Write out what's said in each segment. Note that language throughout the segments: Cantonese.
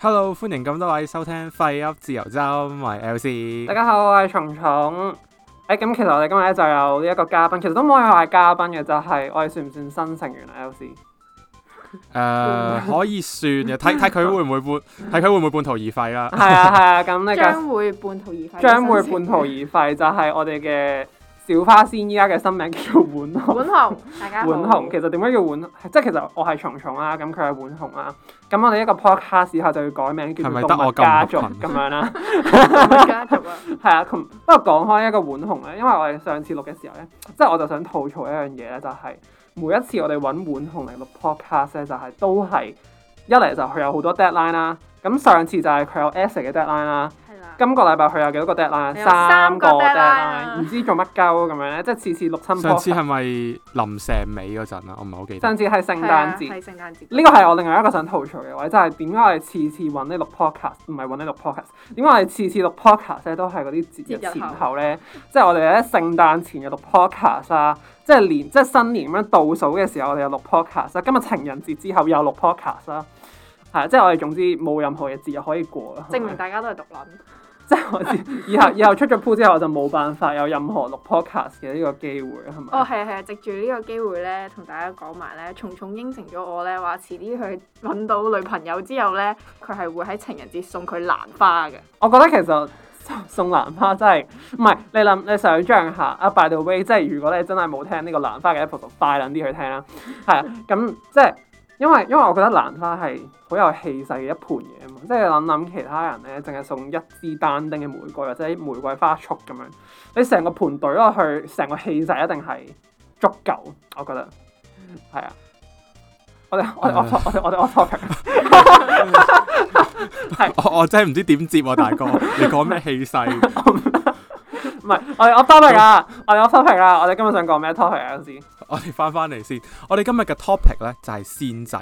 Hello，歡迎咁多位收聽《廢 up 自由針》，我係 LC。大家好，我係蟲蟲。誒、欸，咁其實我哋今日咧就有呢一個嘉賓，其實都唔可以話係嘉賓嘅，就係、是、我哋算唔算新成員啊？LC。誒、呃，可以算嘅，睇睇佢會唔會半，睇佢會唔會半途而廢啦。係啊係啊，咁、啊、你將會半途而廢，將會半途而廢就係我哋嘅小花仙依家嘅新名叫做浣熊浣熊，大家浣熊。其實點解叫浣熊？即係其實我係蟲蟲啊，咁佢係浣熊啊。咁我哋一個 podcast 以後就要改名叫是是，係咪得我家族咁樣啦、啊？ 家族係啊， 啊，不過講開一個浣熊咧，因為我哋上次錄嘅時候咧，即、就、係、是、我就想吐槽一樣嘢咧，就係、是。每一次我哋揾碗紅嚟錄 podcast 咧，就係都係一嚟就佢有好多 deadline 啦。咁上次就係佢有 essay 嘅 deadline 啦。係啦。今個禮拜佢有幾多個 deadline？三個 deadline，唔 知做乜鳩咁樣咧。即係次次錄親。上次係咪臨 sem 尾嗰陣啊？我唔係好記得。上次係聖誕節，係聖誕節。呢個係我另外一個想吐槽嘅位，就係點解我哋次次揾你錄 podcast，唔係揾你錄 podcast？點解我哋次次錄 podcast 咧都係嗰啲節日前後咧？即係我哋喺聖誕前嘅錄 podcast 啦。 即係年，即係新年咁樣倒數嘅時候，我哋有錄 podcast。今日情人節之後有錄 podcast 啦，係啊，即係我哋總之冇任何嘅節日可以過啦。證明大家都係毒撚。即係 以後以後出咗 pool 之後，我就冇辦法有任何錄 podcast 嘅呢個機會，係咪？哦，係啊係啊，藉住呢個機會咧，同大家講埋咧，重重應承咗我咧話，遲啲去搵到女朋友之後咧，佢係會喺情人節送佢蘭花嘅。我覺得其實。送蘭花真係唔係，你諗你想像下啊、ah，by the way，即係如果你真係冇聽呢個蘭花嘅一盤，快撚啲去聽啦，係啊，咁即係因為因為我覺得蘭花係好有氣勢嘅一盤嘢啊嘛，即係諗諗其他人咧，淨係送一支單丁嘅玫瑰或者玫瑰花束咁樣，你成個盤對落去，成個氣勢一定係足夠，我覺得係啊，我哋我哋，我、uh、我我我錯 係是我我真係唔知點接、啊，大哥 你講咩氣勢？唔係我我收皮啦，我哋 我收皮啦。我哋今日想講咩 topic 先？我哋翻翻嚟先。我哋今日嘅 topic 咧就係、是、仙制。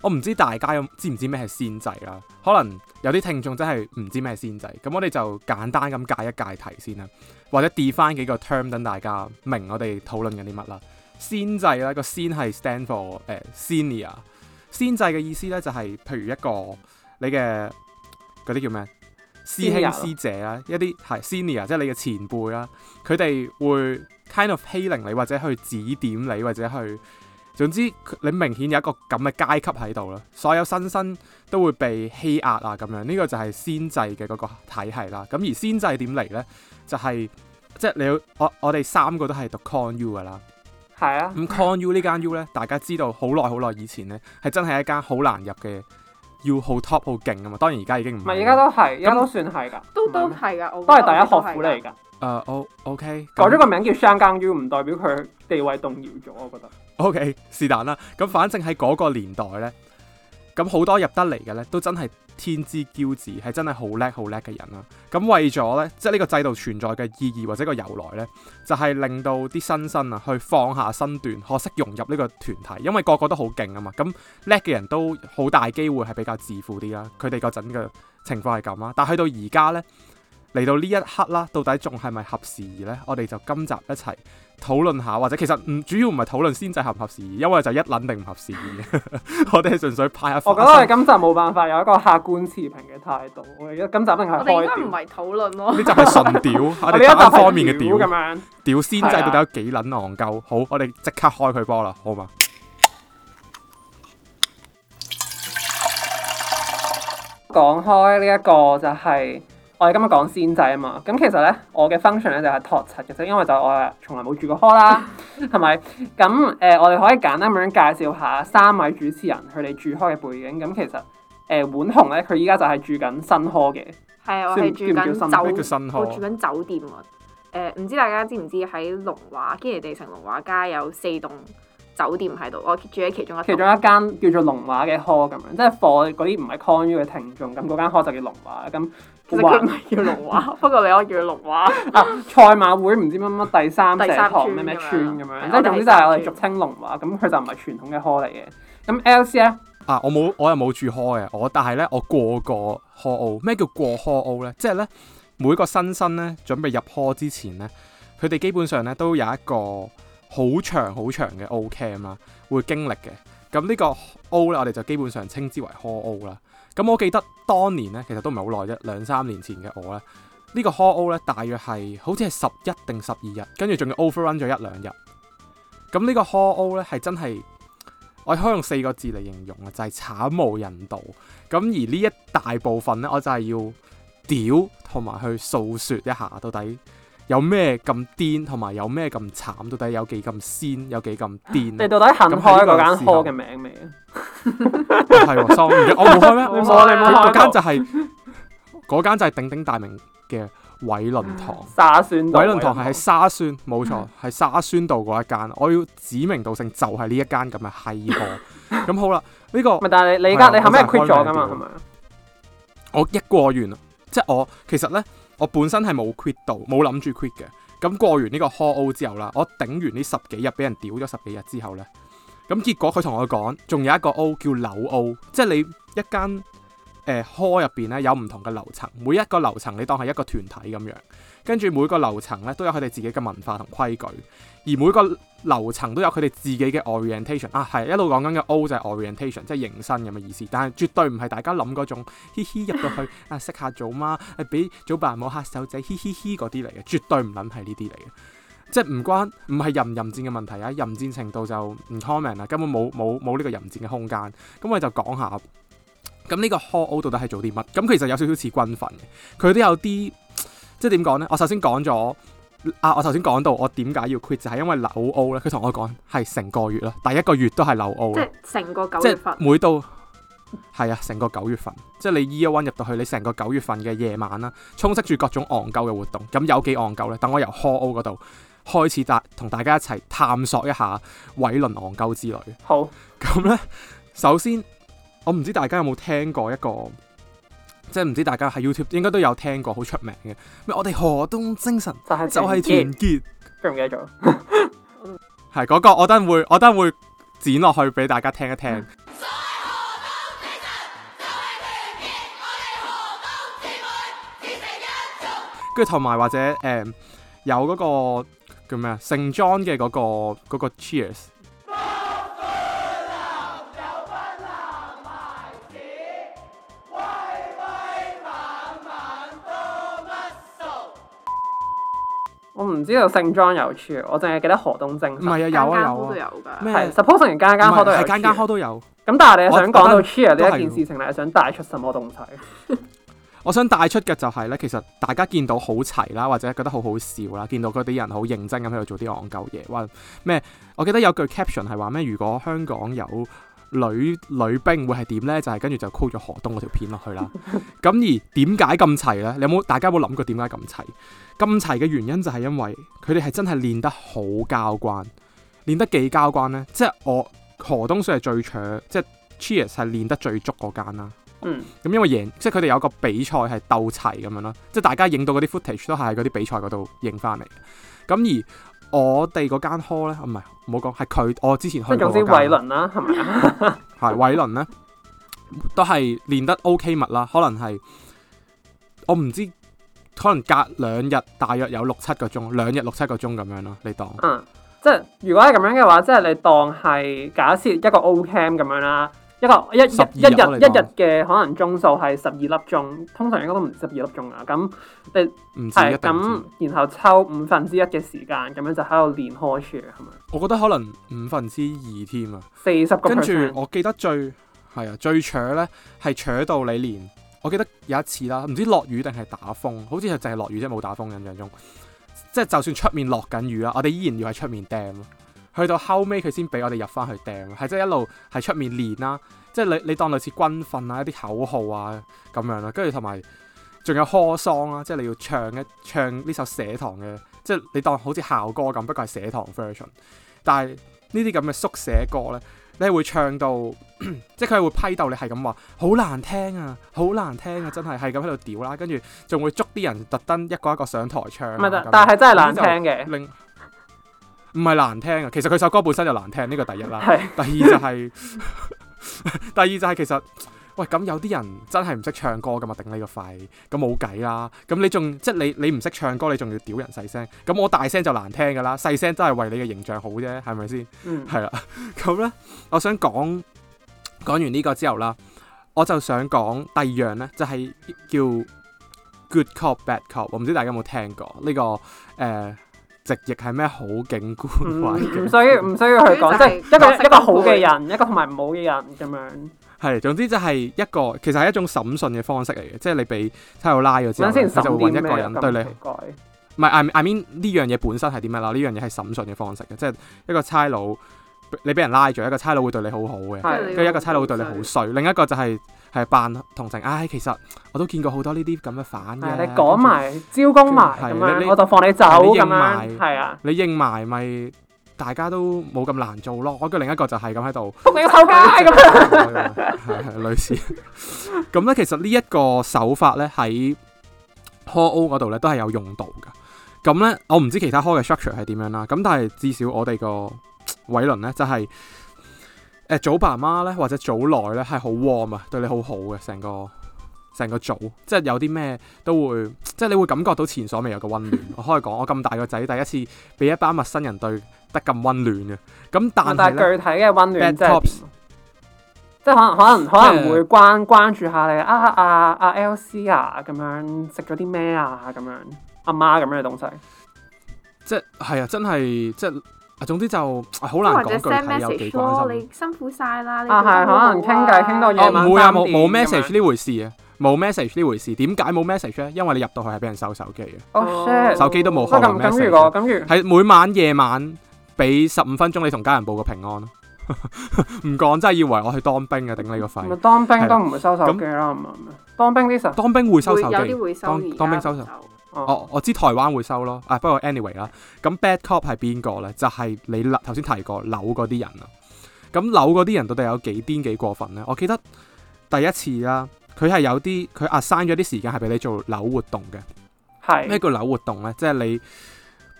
我唔知大家有知唔知咩係仙制啦、啊？可能有啲聽眾真係唔知咩仙制咁，我哋就簡單咁解一解題先啦，或者 define 幾個 term 等大家明我哋討論緊啲乜啦。仙制啦，個仙係 stand for 誒、呃、senior。仙制嘅意思咧就係、是，譬如一個。你嘅嗰啲叫咩？師兄師姐啦，啊、一啲係 senior，即係你嘅前輩啦。佢哋會 kind of 欺凌你，或者去指點你，或者去，總之你明顯有一個咁嘅階級喺度啦。所有新生都會被欺壓啊咁樣。呢、這個就係仙制嘅嗰個體系啦。咁而仙制點嚟呢？就係即係你我我哋三個都係讀 con u 噶啦。係啊。咁 con u 呢間 u 呢，大家知道好耐好耐以前呢，係真係一間好難入嘅。要好 top 好勁㗎嘛！當然而家已經唔係，而家都係，而家都算係噶那，都都係噶，都係第一學府嚟噶。誒，O，OK，改咗個名叫雙更 U，唔代表佢地位動搖咗，我覺得。是 uh, oh, OK，是但啦，咁、okay, 反正喺嗰個年代咧。咁好多入得嚟嘅呢，都真係天之驕子，係真係好叻好叻嘅人啦、啊。咁為咗呢，即係呢個制度存在嘅意義或者個由來呢，就係、是、令到啲新生啊去放下身段，學識融入呢個團體，因為個個都好勁啊嘛。咁叻嘅人都好大機會係比較自負啲啦。佢哋嗰陣嘅情況係咁啊，但去到而家呢，嚟到呢一刻啦，到底仲係咪合時宜呢？我哋就今集一齊討論下，或者其實唔主要唔係討論仙制合唔合時宜，因為就一捻定唔合時宜嘅。 我哋係純粹派一。我覺得我哋今集冇辦法有一個客觀持平嘅態度。我而家今集定係我哋應該唔係討論咯。呢就係純屌， 我哋單一方面嘅屌咁樣。屌仙制到底有幾捻戇鳩？的好，我哋即刻開佢波啦，好嘛？講開呢一個就係、是。我今日講仙制啊嘛，咁其實咧，我嘅 function 咧就係託柒嘅啫，因為就我係從來冇住過 hall 啦，係咪？ 咁誒、呃，我哋可以簡單咁樣介紹下三位主持人佢哋住開嘅背景。咁其實誒，碗紅咧，佢依家就係住緊新 hall 嘅，係啊，我哋住緊算在酒店，我住緊酒店喎。唔、呃、知大家知唔知喺龍華，堅尼地城龍華街有四棟酒店喺度，我住喺其中一其中一間叫做龍華嘅 hall 咁樣，即係 for 嗰啲唔係 conu 嘅聽眾，咁嗰間 hall 就叫龍華咁。其實佢唔係叫龍華， 不過你可以叫佢龍華。 啊，賽馬會唔知乜乜第三，第三巷咩咩村咁樣，即係總之就係我哋俗稱龍華。咁佢就唔係傳統嘅 hall 嚟嘅。咁 L C 咧？啊，我冇，我又冇住 hall 嘅，我但係咧，我過過 HallO。咩叫過 HallO 咧？即係咧，每個新生咧，準備入 hall 之前咧，佢哋基本上咧，都有一個好長好長嘅 O Camp 啦，會經歷嘅。咁呢個 O 咧，我哋就基本上稱之為 HallO 啦。咁我記得當年咧，其實都唔係好耐啫，兩三年前嘅我咧，呢個 Hall O 咧，大約係好似係十一定十二日，跟住仲要 overrun 咗一兩日。咁呢個 Hall O 咧，係真係我可以用四個字嚟形容啊，就係慘無人道。咁而呢一大部分咧，我就係要屌同埋去訴説一下到底。有咩咁癲，同埋有咩咁慘，到底有幾咁仙，有幾咁癲？你到底行開嗰間 call 嘅名未啊？係，收唔到，我冇開咩？嗰間就係嗰間就係鼎鼎大名嘅偉倫堂。沙宣，偉倫堂係喺沙宣，冇錯，係沙宣道嗰一間。我要指名道姓，就係呢一間咁嘅係 c a 咁好啦，呢個咪但係你你而家你係咩 quit 咗噶嘛？係咪？我一過完，即係我其實咧。我本身係冇 quit 到，冇諗住 quit 嘅。咁過完呢個 Hall O 之後啦，我頂完呢十幾日俾人屌咗十幾日之後呢，咁結果佢同我講，仲有一個 O 叫樓 O，即係你一間誒 Hall、呃、入邊呢有唔同嘅樓層，每一個樓層你當係一個團體咁樣。跟住每個樓層咧，都有佢哋自己嘅文化同規矩，而每個樓層都有佢哋自己嘅 orientation 啊，係一路講緊嘅 O 就係 orientation，即係迎新咁嘅意思。但係絕對唔係大家諗嗰種，嘻嘻入到去啊，識下祖媽，俾祖爸冇嚇手仔，嘻嘻嘻嗰啲嚟嘅，絕對唔諗係呢啲嚟嘅。即係唔關，唔係任任戰嘅問題啊，任戰程度就唔 common 啦，根本冇冇冇呢個任戰嘅空間。咁我就講下，咁呢個 hall O 到底係做啲乜？咁其實有少少似軍訓嘅，佢都有啲。即係點講呢？我首先講咗啊，我首先講到我點解要 quit 就係因為 HallO 咧。佢同我講係成個月啦，第一個月都係 HallO。即係成個九月份，即每到係啊，成個九月份，即係你 year one 入到去，你成個九月份嘅夜晚啦，充斥住各種戇鳩嘅活動。咁有幾戇鳩呢？等我由 HallO 嗰度開始，帶同大家一齊探索一下偉論戇鳩之旅。好，咁呢，首先我唔知大家有冇聽過一個。即係唔知大家喺 YouTube 應該都有聽過，好出名嘅咩？我哋何東精神就係就係團結，結記唔記得咗？係 嗰、 嗰個我等會我等會剪落去俾大家聽一聽。跟住同埋或者誒、嗯、有嗰、嗰個叫咩啊？聖 John 嘅嗰個嗰、嗰個 Cheers。我唔知道姓莊有 cheer，我淨係記得何東正。唔係啊，有啊有啊。咩？Supposeing 間間 hall 都有、啊。唔係間間 hall 都有、啊。咁是但係你係想覺講到 cheer 呢一件事情，你係想帶出什麼東西？ 我想帶出嘅就係、是、咧，其實大家見到好齊啦，或者覺得好好笑啦，見到嗰啲人好認真咁喺度做啲戇鳩嘢。話咩？我記得有句 caption 係話咩？如果香港有。女女兵會係點呢？就係、是、跟住就 call 咗河東嗰條片落去啦。咁 而點解咁齊呢？你有冇大家有冇諗過點解咁齊？咁齊嘅原因就係因為佢哋係真係練得好交關，練得幾交關呢？即、就、係、是、我河東算係最搶，即、就、係、是、Cheers 係練得最足嗰間啦。嗯，咁、嗯、因為贏，即係佢哋有個比賽係鬥齊咁樣咯。即、就、係、是、大家影到嗰啲 footage 都係喺嗰啲比賽嗰度影翻嚟。咁、嗯、而我哋嗰間 hall 咧，唔係唔好講，係佢我之前去嗰總之偉倫啦，係咪啊？係偉倫咧，都係練得 OK 密啦。可能係我唔知，可能隔兩日大約有六七個鐘，兩日六七個鐘咁樣咯。你當嗯，即係如果係咁樣嘅話，即係你當係假設一個 O cam 咁樣啦。一,一,啊、一日你說 一日一日嘅可能鐘數係十二粒鐘，通常應該都唔十二粒鐘啊。咁，即係唔係咁，然後抽五分之一嘅時間，咁樣就喺度練開處係咪？我覺得可能五分之二添啊，四十個。跟住我記得最係啊，最扯咧係扯到你連。我記得有一次啦，唔知落雨定係打風，好似係淨係落雨啫，冇打風。印象中，即、就、係、是、就算出面落緊雨啦，我哋依然要喺出面掟。o 去到後尾佢先俾我哋入翻去訂，係即係一路喺出面練啦、啊，即係你你當類似軍訓啊一啲口號啊咁樣啦，跟住同埋仲有 hall song 啦，即係你要唱一唱呢首舍堂嘅，即係你當好似校歌咁，不過係舍堂 version 但這這寫。但係呢啲咁嘅宿舍歌咧，你係會唱到即係佢係會批鬥你係咁話，好難聽啊，好難聽啊，真係係咁喺度屌啦，跟住仲會捉啲人特登一,一個一個上台唱。唔係，咁樣，但係真係難聽嘅。唔係難聽啊，其實佢首歌本身就難聽，呢個第一啦。是第二就係， 第二就係其實，喂咁有啲人真係唔識唱歌噶嘛？頂你個肺，咁冇計啦。咁你仲即係你你唔識唱歌，你仲要屌人細聲？咁我大聲就難聽噶啦，細聲都係為你嘅形象好啫，係咪先？嗯，係啦。咁呢，我想講講完呢個之後啦，我就想講第二樣呢，就係叫 Good Cop Bad Cop。我唔知大家有冇聽過呢個誒。呃直譯係咩？好景觀。唔需要，唔需要去講，即係、就是、一個， 一個一個好嘅人， 一個同埋唔好嘅人咁樣。係，總之就係一個，其實係一種審訊嘅方式嚟嘅，即係你俾差佬拉咗之後，佢就會揾一個人對你。唔係，I I mean 呢樣嘢本身係點樣啊？呢樣嘢係審訊嘅方式嘅，即係一個差佬。你俾人拉住，一個差佬會對你好好嘅，跟住的一個差佬會對你好衰。另一個就係係扮同情，唉，其實我都見過好多呢啲咁嘅反你講埋招工埋我就放你走咁係啊，你應埋咪，大家都冇咁難做咯。我嘅另一個就係咁喺度，服你個街咁樣，係係 類似。咁 咧，其實呢一個手法咧喺 c o l 嗰度咧都係有用到噶。咁咧，我唔知其他 Call 嘅 structure 係點樣啦。咁但係至少我哋個。偉倫咧就係誒祖爸媽咧或者祖內咧係好 warm 啊，對你好好嘅成個成個組，即係有啲咩都會，即係你會感覺到前所未有嘅溫暖。我可以講，我咁大個仔第一次俾一班陌生人對得咁溫暖嘅。咁但係咧具體嘅溫暖即係可能可能可能會關關注下你啊啊啊 LC 啊咁樣食咗啲咩啊咁樣阿媽咁樣嘅東西，即係係啊真係即係。總之就好難講具體，有幾放心。你辛苦晒啦，啊係可能傾偈傾多嘢，唔、啊、會啊，冇冇 message 呢回事啊，冇 message 呢這樣 回事。點解冇 message 咧？因為你入到去係俾人收手機嘅。哦、oh, 啊，手機都冇開 message 咁如果咁，係每晚夜晚俾十五分鐘你同家人報個平安咯。唔 講，真係以為我去當兵嘅，頂你個肺。咪當兵都唔會收手機啦，咁當兵啲神，當兵會收手機，有啲會當兵收手機。Oh. 我我知台灣會收咯，啊不過 anyway 啦，咁 bad cop 係邊個呢？就係、是、你樓頭先提過 Hall O 嗰啲人啊。咁 Hall O 嗰啲人到底有幾癲幾過分呢？我記得第一次啦、啊，佢係有啲佢 assign 咗啲時間係俾你做 Hall O 活動嘅。係咩是叫 Hall O 活動呢？即、就、係、是、你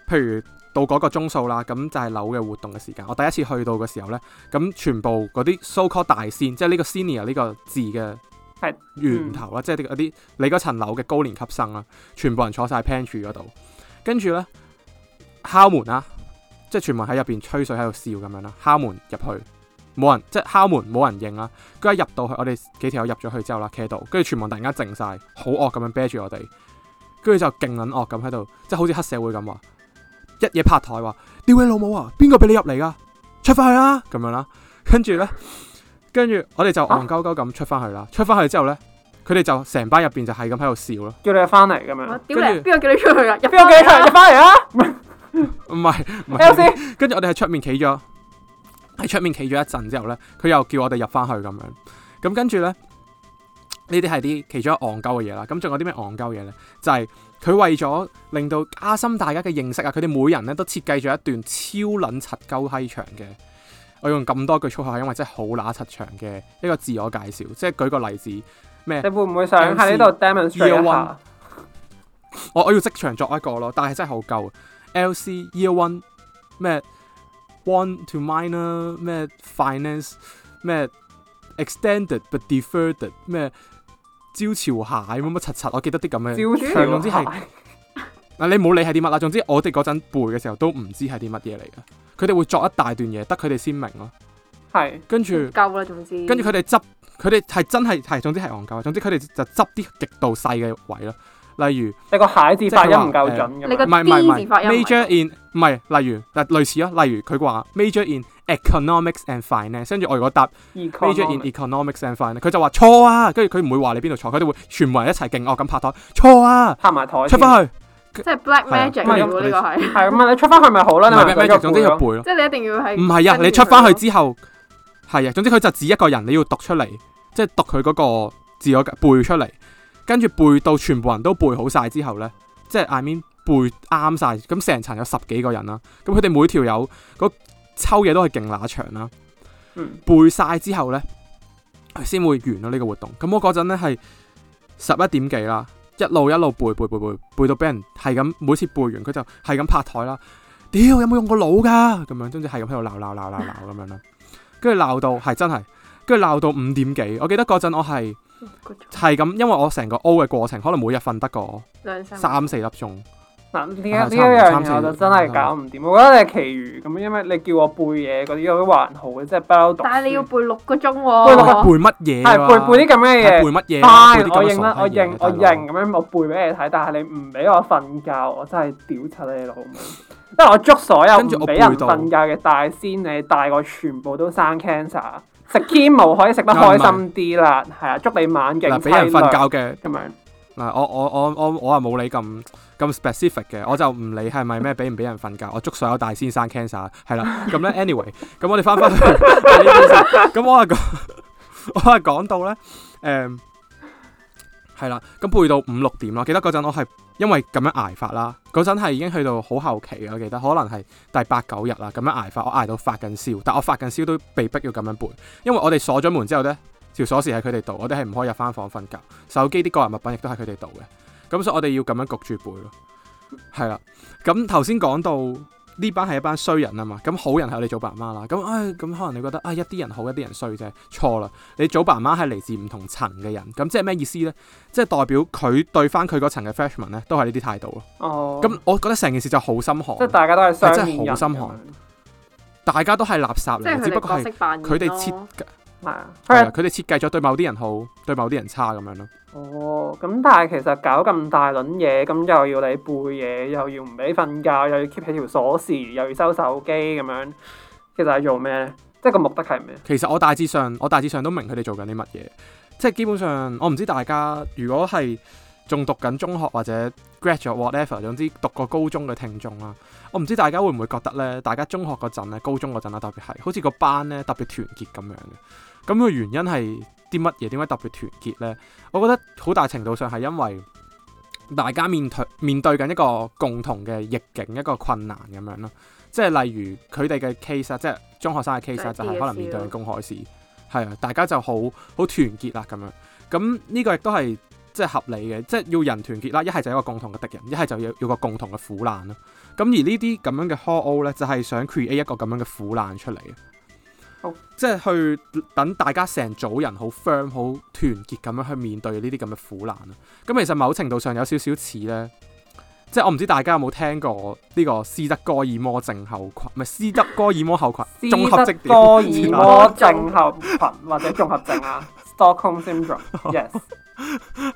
譬如到嗰個鐘數啦，咁就係 Hall O 嘅活動嘅時間。我第一次去到嘅時候呢，咁全部嗰啲 so called 大仙，即係呢個 senior 呢個字嘅。源頭啦，嗯、即係啲啲你嗰層樓嘅高年級生啦，全部人坐晒 pantry 住嗰度，跟住咧敲門啦，即係全部喺入邊吹水喺度笑咁樣啦，敲門入、啊、去冇人，即係敲門冇人應啦，佢一入到去，我哋幾條友入咗去之後啦，企喺度，跟住全部突然間靜晒，好惡咁樣啤住我哋，跟住就勁撚惡咁喺度，即係好似黑社會咁話，一嘢拍台話，屌你老母啊，邊個俾你入嚟噶，出翻去啊！」咁樣啦，跟住咧。跟住我哋就戇鳩鳩咁出翻去啦，啊、出翻去之後咧，佢哋就成班入邊就係咁喺度笑咯。叫你翻嚟咁樣，邊邊個叫你出去啊？入邊我、啊、叫你入翻嚟啊？唔係， 睇下先。跟住 LC? 我哋喺出面企咗，喺出面企咗一陣之後咧，佢又叫我哋入翻去咁樣。咁跟住咧，呢啲係啲其中戇鳩嘅嘢啦。咁仲有啲咩戇鳩嘢咧？就係、是、佢為咗令到加深大家嘅認識啊！佢哋每人呢都設計咗一段超撚柒鳩閪長嘅。我用咁多句粗口係因為真係好乸柒長嘅一個自我介紹，即係舉個例子咩？你會唔會想喺呢度 demonstrate 我我要即場作一個咯，但係真係好舊。L C year one 咩？One to minor 咩？Finance 咩？Extended but deferred 咩？招潮蟹乜乜柒柒，我記得啲咁嘅，朝朝長總之係嗱你冇理係啲乜啦。總之我哋嗰陣背嘅時候,時候都唔知係啲乜嘢嚟㗎。佢哋會作一大段嘢，得佢哋先明咯。係是，跟住戇啦，總之，跟住佢哋執，佢哋係真係係，總之係戇鳩。總之佢哋就執啲極度細嘅位咯。例如，你個蟹字發音唔夠、呃、準，你個 D 字發音唔係 Major 是，例如嗱類似咯，例如佢話 major in economics and finance，跟住我如果答 Economic. major in economics and finance，佢就話錯啊，跟住佢唔會話你邊度錯，佢哋會全部人一齊勁惡咁拍台錯啊，拍埋台出翻去。即係 Black Magic 呢個係，係咁你，你出翻去咪好啦，是你咪 Magic, 總之要背咯。背了即係你一定要喺。唔係啊？你出翻去之後，係、嗯、啊！總之佢就指一個人，你要讀出嚟，即係讀佢嗰個字，我背出嚟，跟住背到全部人都背好晒之後咧，即係 I mean 背啱晒。咁成層有十幾個人啦，咁佢哋每條友個、那個抽嘢都係勁乸長啦。嗯、背晒之後咧，先會完咗呢個活動。咁我嗰陣咧係十一點幾啦。一路一路背背背背,背,背,背到俾人係咁，每次背完佢就係咁拍台啦。屌， ale, 有冇用過腦噶？咁樣，跟住係咁喺度鬧鬧鬧鬧鬧咁樣啦。跟住鬧到係真係，跟住鬧到五點幾。我記得嗰陣我係係咁，因為我成個 O 嘅過程，可能每日瞓得過 3, 個三四粒鐘。嗱呢一樣嘢我就真係搞唔掂，我覺得你係奇遇咁，因為你叫我背嘢嗰啲都還好嘅，即係不嬲讀但係你要背六個鐘喎，背乜嘢？係背背啲咁嘅嘢，背乜嘢？係我認得，我認我認咁樣，我背俾你睇。但係你唔俾我瞓覺，我真係屌柒你老母！因為我祝所有俾人瞓覺嘅大仙，你大個全部都生 cancer，食 chemo 可以食得開心啲啦，係啊，祝你晚景淒涼。嗱俾人瞓覺嘅咁樣。嗱，我我我我我啊冇你咁咁 specific 嘅，我就唔理係咪咩俾唔俾人瞓覺，我祝所有大先生 cancer 係啦。咁咧，anyway，咁我哋翻翻去，咁 我啊講，我啊講到咧，誒、嗯，係啦，咁背到五六點啦，記得嗰陣我係因為咁樣捱法啦，嗰陣係已經去到好後期嘅，我記得可能係第八九日啦，咁樣捱法，我捱到發緊燒，但我發緊燒都被迫要咁樣背，因為我哋鎖咗門之後咧。條鎖匙喺佢哋度，我哋係唔可以入翻房瞓覺。手機啲個人物品亦都喺佢哋度嘅，咁所以我哋要咁樣焗住背咯。係啦，咁頭先講到呢班係一班衰人啊嘛，咁好人係我哋祖爸媽啦。咁誒、哎，咁可能你覺得啊、哎，一啲人好，一啲人衰啫。錯啦，你祖爸媽係嚟自唔同層嘅人，咁即係咩意思呢？即係代表佢對翻佢嗰層嘅 freshman 呢，都係呢啲態度咯。哦。咁我覺得成件事就好心寒。即係大家都係衰人。即係好心寒。大家都係垃，垃圾嚟，不只不過係佢哋設。啊。係啊，佢哋設計咗對某啲人好，對某啲人差咁樣咯。哦，咁但係其實搞咁大輪嘢，咁又要你背嘢，又要唔俾瞓覺，又要 keep 起條鎖匙，又要收手機咁樣，其實係做咩咧？即係個目的係咩？其實我大致上，我大致上都明佢哋做緊啲乜嘢。即係基本上，我唔知大家如果係仲讀緊中學或者 graduate whatever，總之讀過高中嘅聽眾啦，我唔知大家會唔會覺得咧，大家中學嗰陣咧，高中嗰陣啦，特別係，好似個班咧特別團結咁樣嘅。咁個原因係啲乜嘢？點解特別團結呢？我覺得好大程度上係因為大家面對面對緊一個共同嘅逆境，一個困難咁樣咯。即係例如佢哋嘅 case 即係中學生嘅 case 就係可能面對公開試，係啊，大家就好好團結啊咁樣。咁呢個亦都係即係合理嘅，即係要人團結啦。一係就一個共同嘅敵人，一係就要要個共同嘅苦難咯。咁而呢啲咁樣嘅 HallO 咧，就係想 create 一個咁樣嘅苦難出嚟。Oh. 即係去等大家成組人好 firm 好團結咁樣去面對呢啲咁嘅苦難啊！咁其實某程度上有少少似呢，即係我唔知大家有冇聽過呢個斯德哥爾摩症候群，唔係 斯德哥爾摩候群，綜合症，斯德哥爾摩症候群或者綜合症啊，Stockholm Syndrome，Yes。 St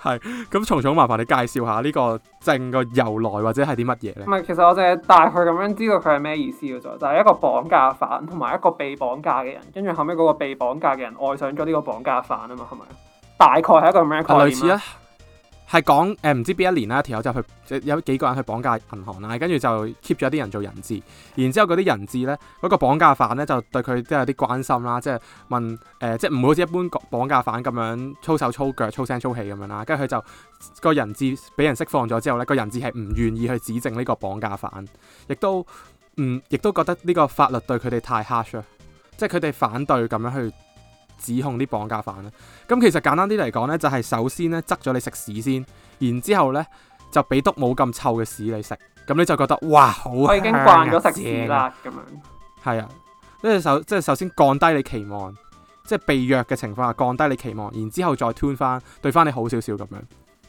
係咁，蟲蟲 麻煩你介紹下呢個正個由來或者係啲乜嘢咧？唔係，其實我淨係大概咁樣知道佢係咩意思嘅啫，就係、是、一個綁架犯同埋一個被綁架嘅人，跟住後尾嗰個被綁架嘅人愛上咗呢個綁架犯啊嘛，係咪？大概係一個咁樣 類似啊。 係講誒唔、呃、知邊一年啦，然友就去有幾個人去綁架銀行啦，跟住就 keep 咗啲人做人質。然之後嗰啲人質咧，嗰、那個綁架犯咧就對佢都有啲關心啦，即係問誒、呃，即係唔會好似一般綁架犯咁樣粗手粗腳、粗聲粗氣咁樣啦。跟住佢就、那個人質俾人釋放咗之後咧，那個人質係唔願意去指證呢個綁架犯，亦都嗯，亦都覺得呢個法律對佢哋太 hurt 啦，即係佢哋反對咁樣去。指控啲綁架犯啦，咁其實簡單啲嚟講呢就係首先呢，執咗你食屎先，然之後呢，就俾督冇咁臭嘅屎你食，咁你就覺得哇，好，我已經慣咗食屎啦咁樣。係啊，呢個首即係首先降低你期望，即係被虐嘅情況下降低你期望，然之後再 turn 翻對翻你好少少咁樣。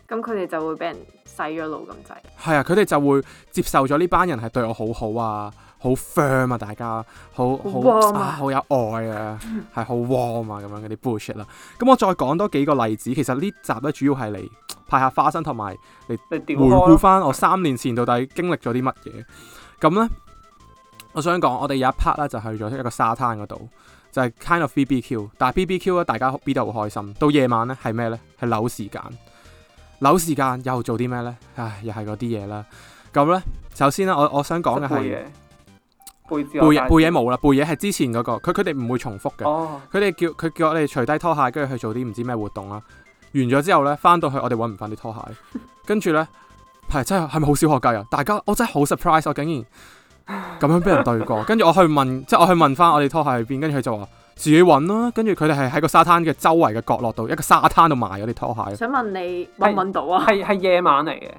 咁佢哋就會俾人洗咗腦咁滯。係啊，佢哋就會接受咗呢班人係對我好好啊。好 firm 啊！大家好，好啊，啊，好有愛啊，係 好 warm 啊，咁樣嗰啲 bullshit 啦。咁我再講多幾個例子。其實呢集咧主要係嚟派下花生，同埋嚟回顧翻我三年前到底經歷咗啲乜嘢。咁咧，我想講，我哋有一 part 咧就是、去咗一個沙灘嗰度，就係、是、kind of B B Q。但係 B B Q 咧，大家變得好開心。到夜晚咧，係咩咧？係扭時間。扭時間又做啲咩咧？唉，又係嗰啲嘢啦。咁咧，首先咧，我我想講嘅係。背嘢背嘢冇啦，背嘢係之前嗰、個，佢佢哋唔會重複嘅，佢哋、oh. 叫佢叫我哋除低拖鞋，跟住去做啲唔知咩活動啦。完咗之後咧，翻到去我哋搵唔翻啲拖鞋， 跟住咧係真係係咪好小學雞啊？大家我真係好 surprise，我竟然咁樣俾人對過。 跟住我去問，即、就、係、是、我去問翻我哋拖鞋喺邊，跟住佢就話自己搵啦。跟住佢哋係喺個沙灘嘅周圍嘅角落度，一個沙灘度埋咗啲拖鞋。想問你搵唔搵到啊？係係夜晚嚟嘅。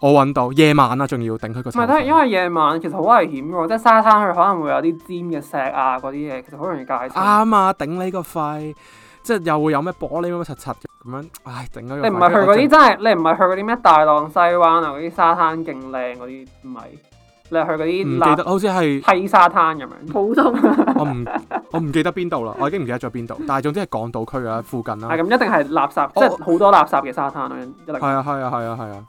我揾到夜晚啊，仲要頂佢個身。唔係都係因為夜晚，其實好危險喎，即係沙灘佢可能會有啲尖嘅石啊，嗰啲嘢其實好容易介錯。啱啊，頂你個肺，即係又會有咩玻璃乜乜柒柒咁樣，唉，頂嗰個。你唔係去嗰啲真係，你唔係去嗰啲咩大浪西灣啊嗰啲沙灘勁靚嗰啲，唔係。你係去嗰啲唔記得，好似係批沙灘咁樣，普通。我唔不 我唔記得邊度啦，我已經唔記得咗邊度，但係總之係港島區啊附近啦。咁，一定係垃圾，哦、即係好多垃圾嘅沙灘咯，係啊係啊係啊係啊！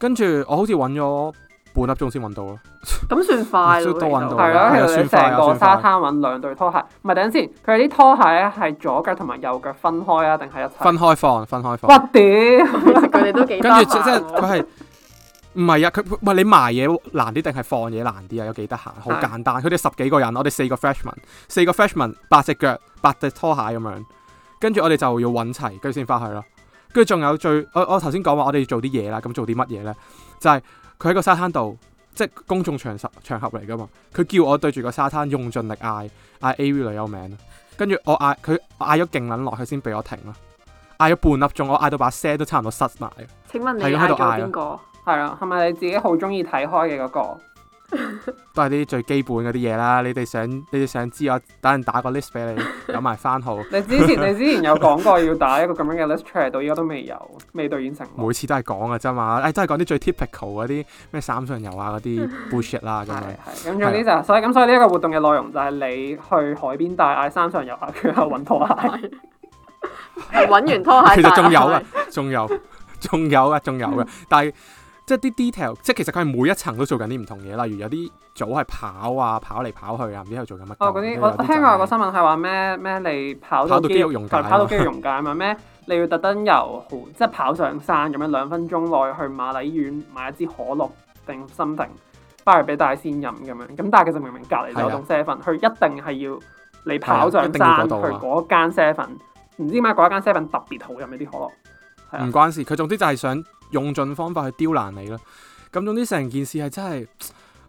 跟住我好似揾咗半粒鐘先揾到咯，咁算快咯，係咯，其實成個沙灘揾兩對拖鞋，唔係等陣先，佢啲拖鞋係左腳同埋右腳分開啊，定係一齊？分開放，分開放。我屌，佢哋都幾跟住即係佢係唔係啊？佢喂你埋嘢難啲定係放嘢難啲啊？有幾得閒？好簡單，佢哋十幾個人，我哋四個 freshman，四個 freshman 八隻腳，八隻拖鞋咁樣，跟住我哋就要揾齊，跟住先翻去咯。跟住仲有最，我我頭先講話，我哋要做啲嘢啦。咁做啲乜嘢咧？就係佢喺個沙灘度，即係公眾場合場合嚟噶嘛。佢叫我對住個沙灘用盡力嗌嗌 AV 女優名，跟住我嗌佢嗌咗勁撚落去先俾我停啦。嗌咗半粒鐘，我嗌到把聲都差唔多失埋。請問你嗌咗邊個？係啦喊，係咪你自己好中意睇開嘅嗰個？都係啲最基本嗰啲嘢啦，你哋想你哋想知我等陣打個 list 俾你，有埋 番號你。你之前你之前有講過要打一個咁樣嘅 list track 到而家都未有，未到完成。每次都係講噶啫嘛，誒、哎，真係講啲最 typical 嗰啲咩三上游啊，嗰啲 bullshit 啦咁啊。係咁仲有，所以咁所以呢一個活動嘅內容就係你去海邊大嗌，三上游下，佢又揾拖鞋，係揾完拖鞋，其實仲有啊，仲有，仲 有啊，仲有嘅，有有 但係。即係啲 detail，即係其實佢係每一層都做緊啲唔同嘢，例如有啲組係跑啊，跑嚟跑去啊，唔知喺度做緊乜。哦，嗰啲我我聽過個新聞係話咩咩，你跑到肌肉溶解？跑到肌肉溶解啊嘛咩？嘛 你要特登由即係跑上山咁樣兩分鐘內去瑪麗醫院買一支可樂定心定，翻嚟俾大仙飲咁樣。咁但係其實明明隔離就棟 seven，佢一定係要你跑上山去嗰、啊啊、間 seven，唔知點解嗰間 seven 特別好飲啲可樂。唔、啊、關事，佢總之就係想。用盡方法去刁難你啦，咁總之成件事係真係，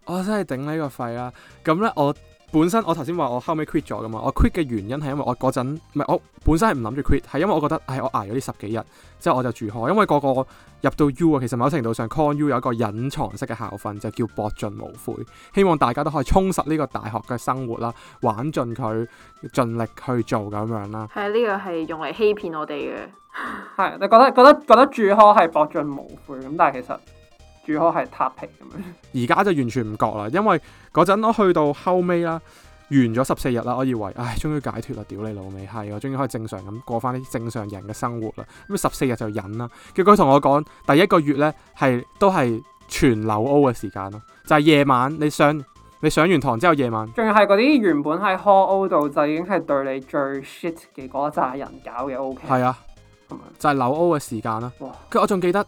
我真係頂你個肺啦！咁呢我。本身我頭先話我後尾 quit 咗噶嘛，我 quit 嘅原因係因為我嗰陣，唔係我本身係唔諗住 quit，係因為我覺得唉、哎、我挨咗呢十幾日，之後我就住 hall，因為個個入到 U 啊，其實某程度上 Con U 有一個隱藏式嘅校訓就叫博盡無悔，希望大家都可以充實呢個大學嘅生活啦，玩盡佢，盡力去做咁樣啦。係呢、呢個係用嚟欺騙我哋嘅，係 你覺得覺得覺得住 hall 係博盡無悔咁但係其實？住要係踏平咁樣，而家就完全唔覺啦，因為嗰陣我去到後尾啦，完咗十四日啦，我以為，唉，終於解脫啦，屌你老味，係我終於可以正常咁過翻啲正常人嘅生活啦。咁十四日就忍啦，結果同我講，第一個月咧，係都係全留 O 嘅時間咯，就係、是、夜晚，你上你上完堂之後夜晚，仲要係嗰啲原本喺 hall O 度就已經係對你最 shit 嘅嗰扎人搞嘅 OK，係啊，就係、是、留 O 嘅時間啦。佢哇我仲記得。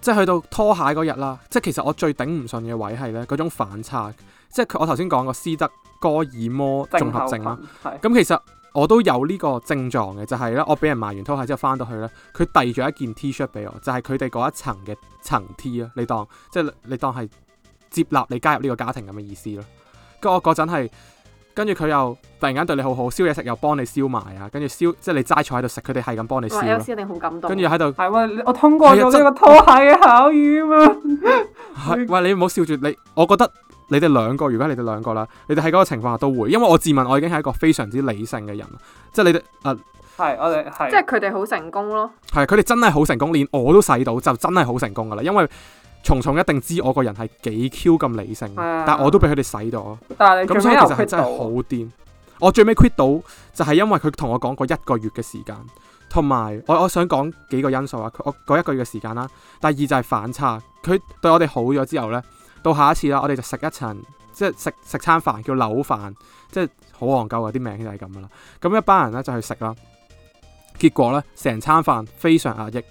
即係去到拖鞋嗰日啦，即係其實我最頂唔順嘅位係咧，嗰種反差，即係我頭先講個斯德哥爾摩綜合症啦，咁其實我都有呢個症狀嘅，就係、是、咧我俾人賣完拖鞋之後翻到去咧，佢遞咗一件 T-shirt 俾我，就係佢哋嗰一層嘅層 T 啦，你當即係你當係接納你加入呢個家庭咁嘅意思咯，跟住我嗰陣係。跟住佢又突然間對你好好，燒嘢食又幫你燒埋啊！跟住燒即係你齋坐喺度食，佢哋係咁幫你燒咯。有啲嘩一定好感動。跟住喺度，係我通過咗呢個拖鞋嘅考驗啊 喂，你唔好笑住你，我覺得你哋兩個，如果你哋兩個啦，你哋喺嗰個情況下都會，因為我自問我已經係一個非常之理性嘅人，即係你哋啊，係、呃、我哋係，即係佢哋好成功咯，係佢哋真係好成功，連我都使到就真係好成功噶啦，因為。重重一定知我個人係幾 Q 咁理性，啊、但我都俾佢哋使到。但係你最尾又 quit 到，咁所以其實真係好癲。我最尾 quit 到就係因為佢同我講過一個月嘅時間，同埋我我想講幾個因素啊。我一個月嘅時間啦、啊，第二就係反差，佢對我哋好咗之後呢，到下一次啦，我哋就食一層，即係食食餐飯叫柳飯，即係好憨鳩啊！啲名就係咁噶啦。咁一班人呢，就去食啦，結果呢，成餐飯非常壓抑，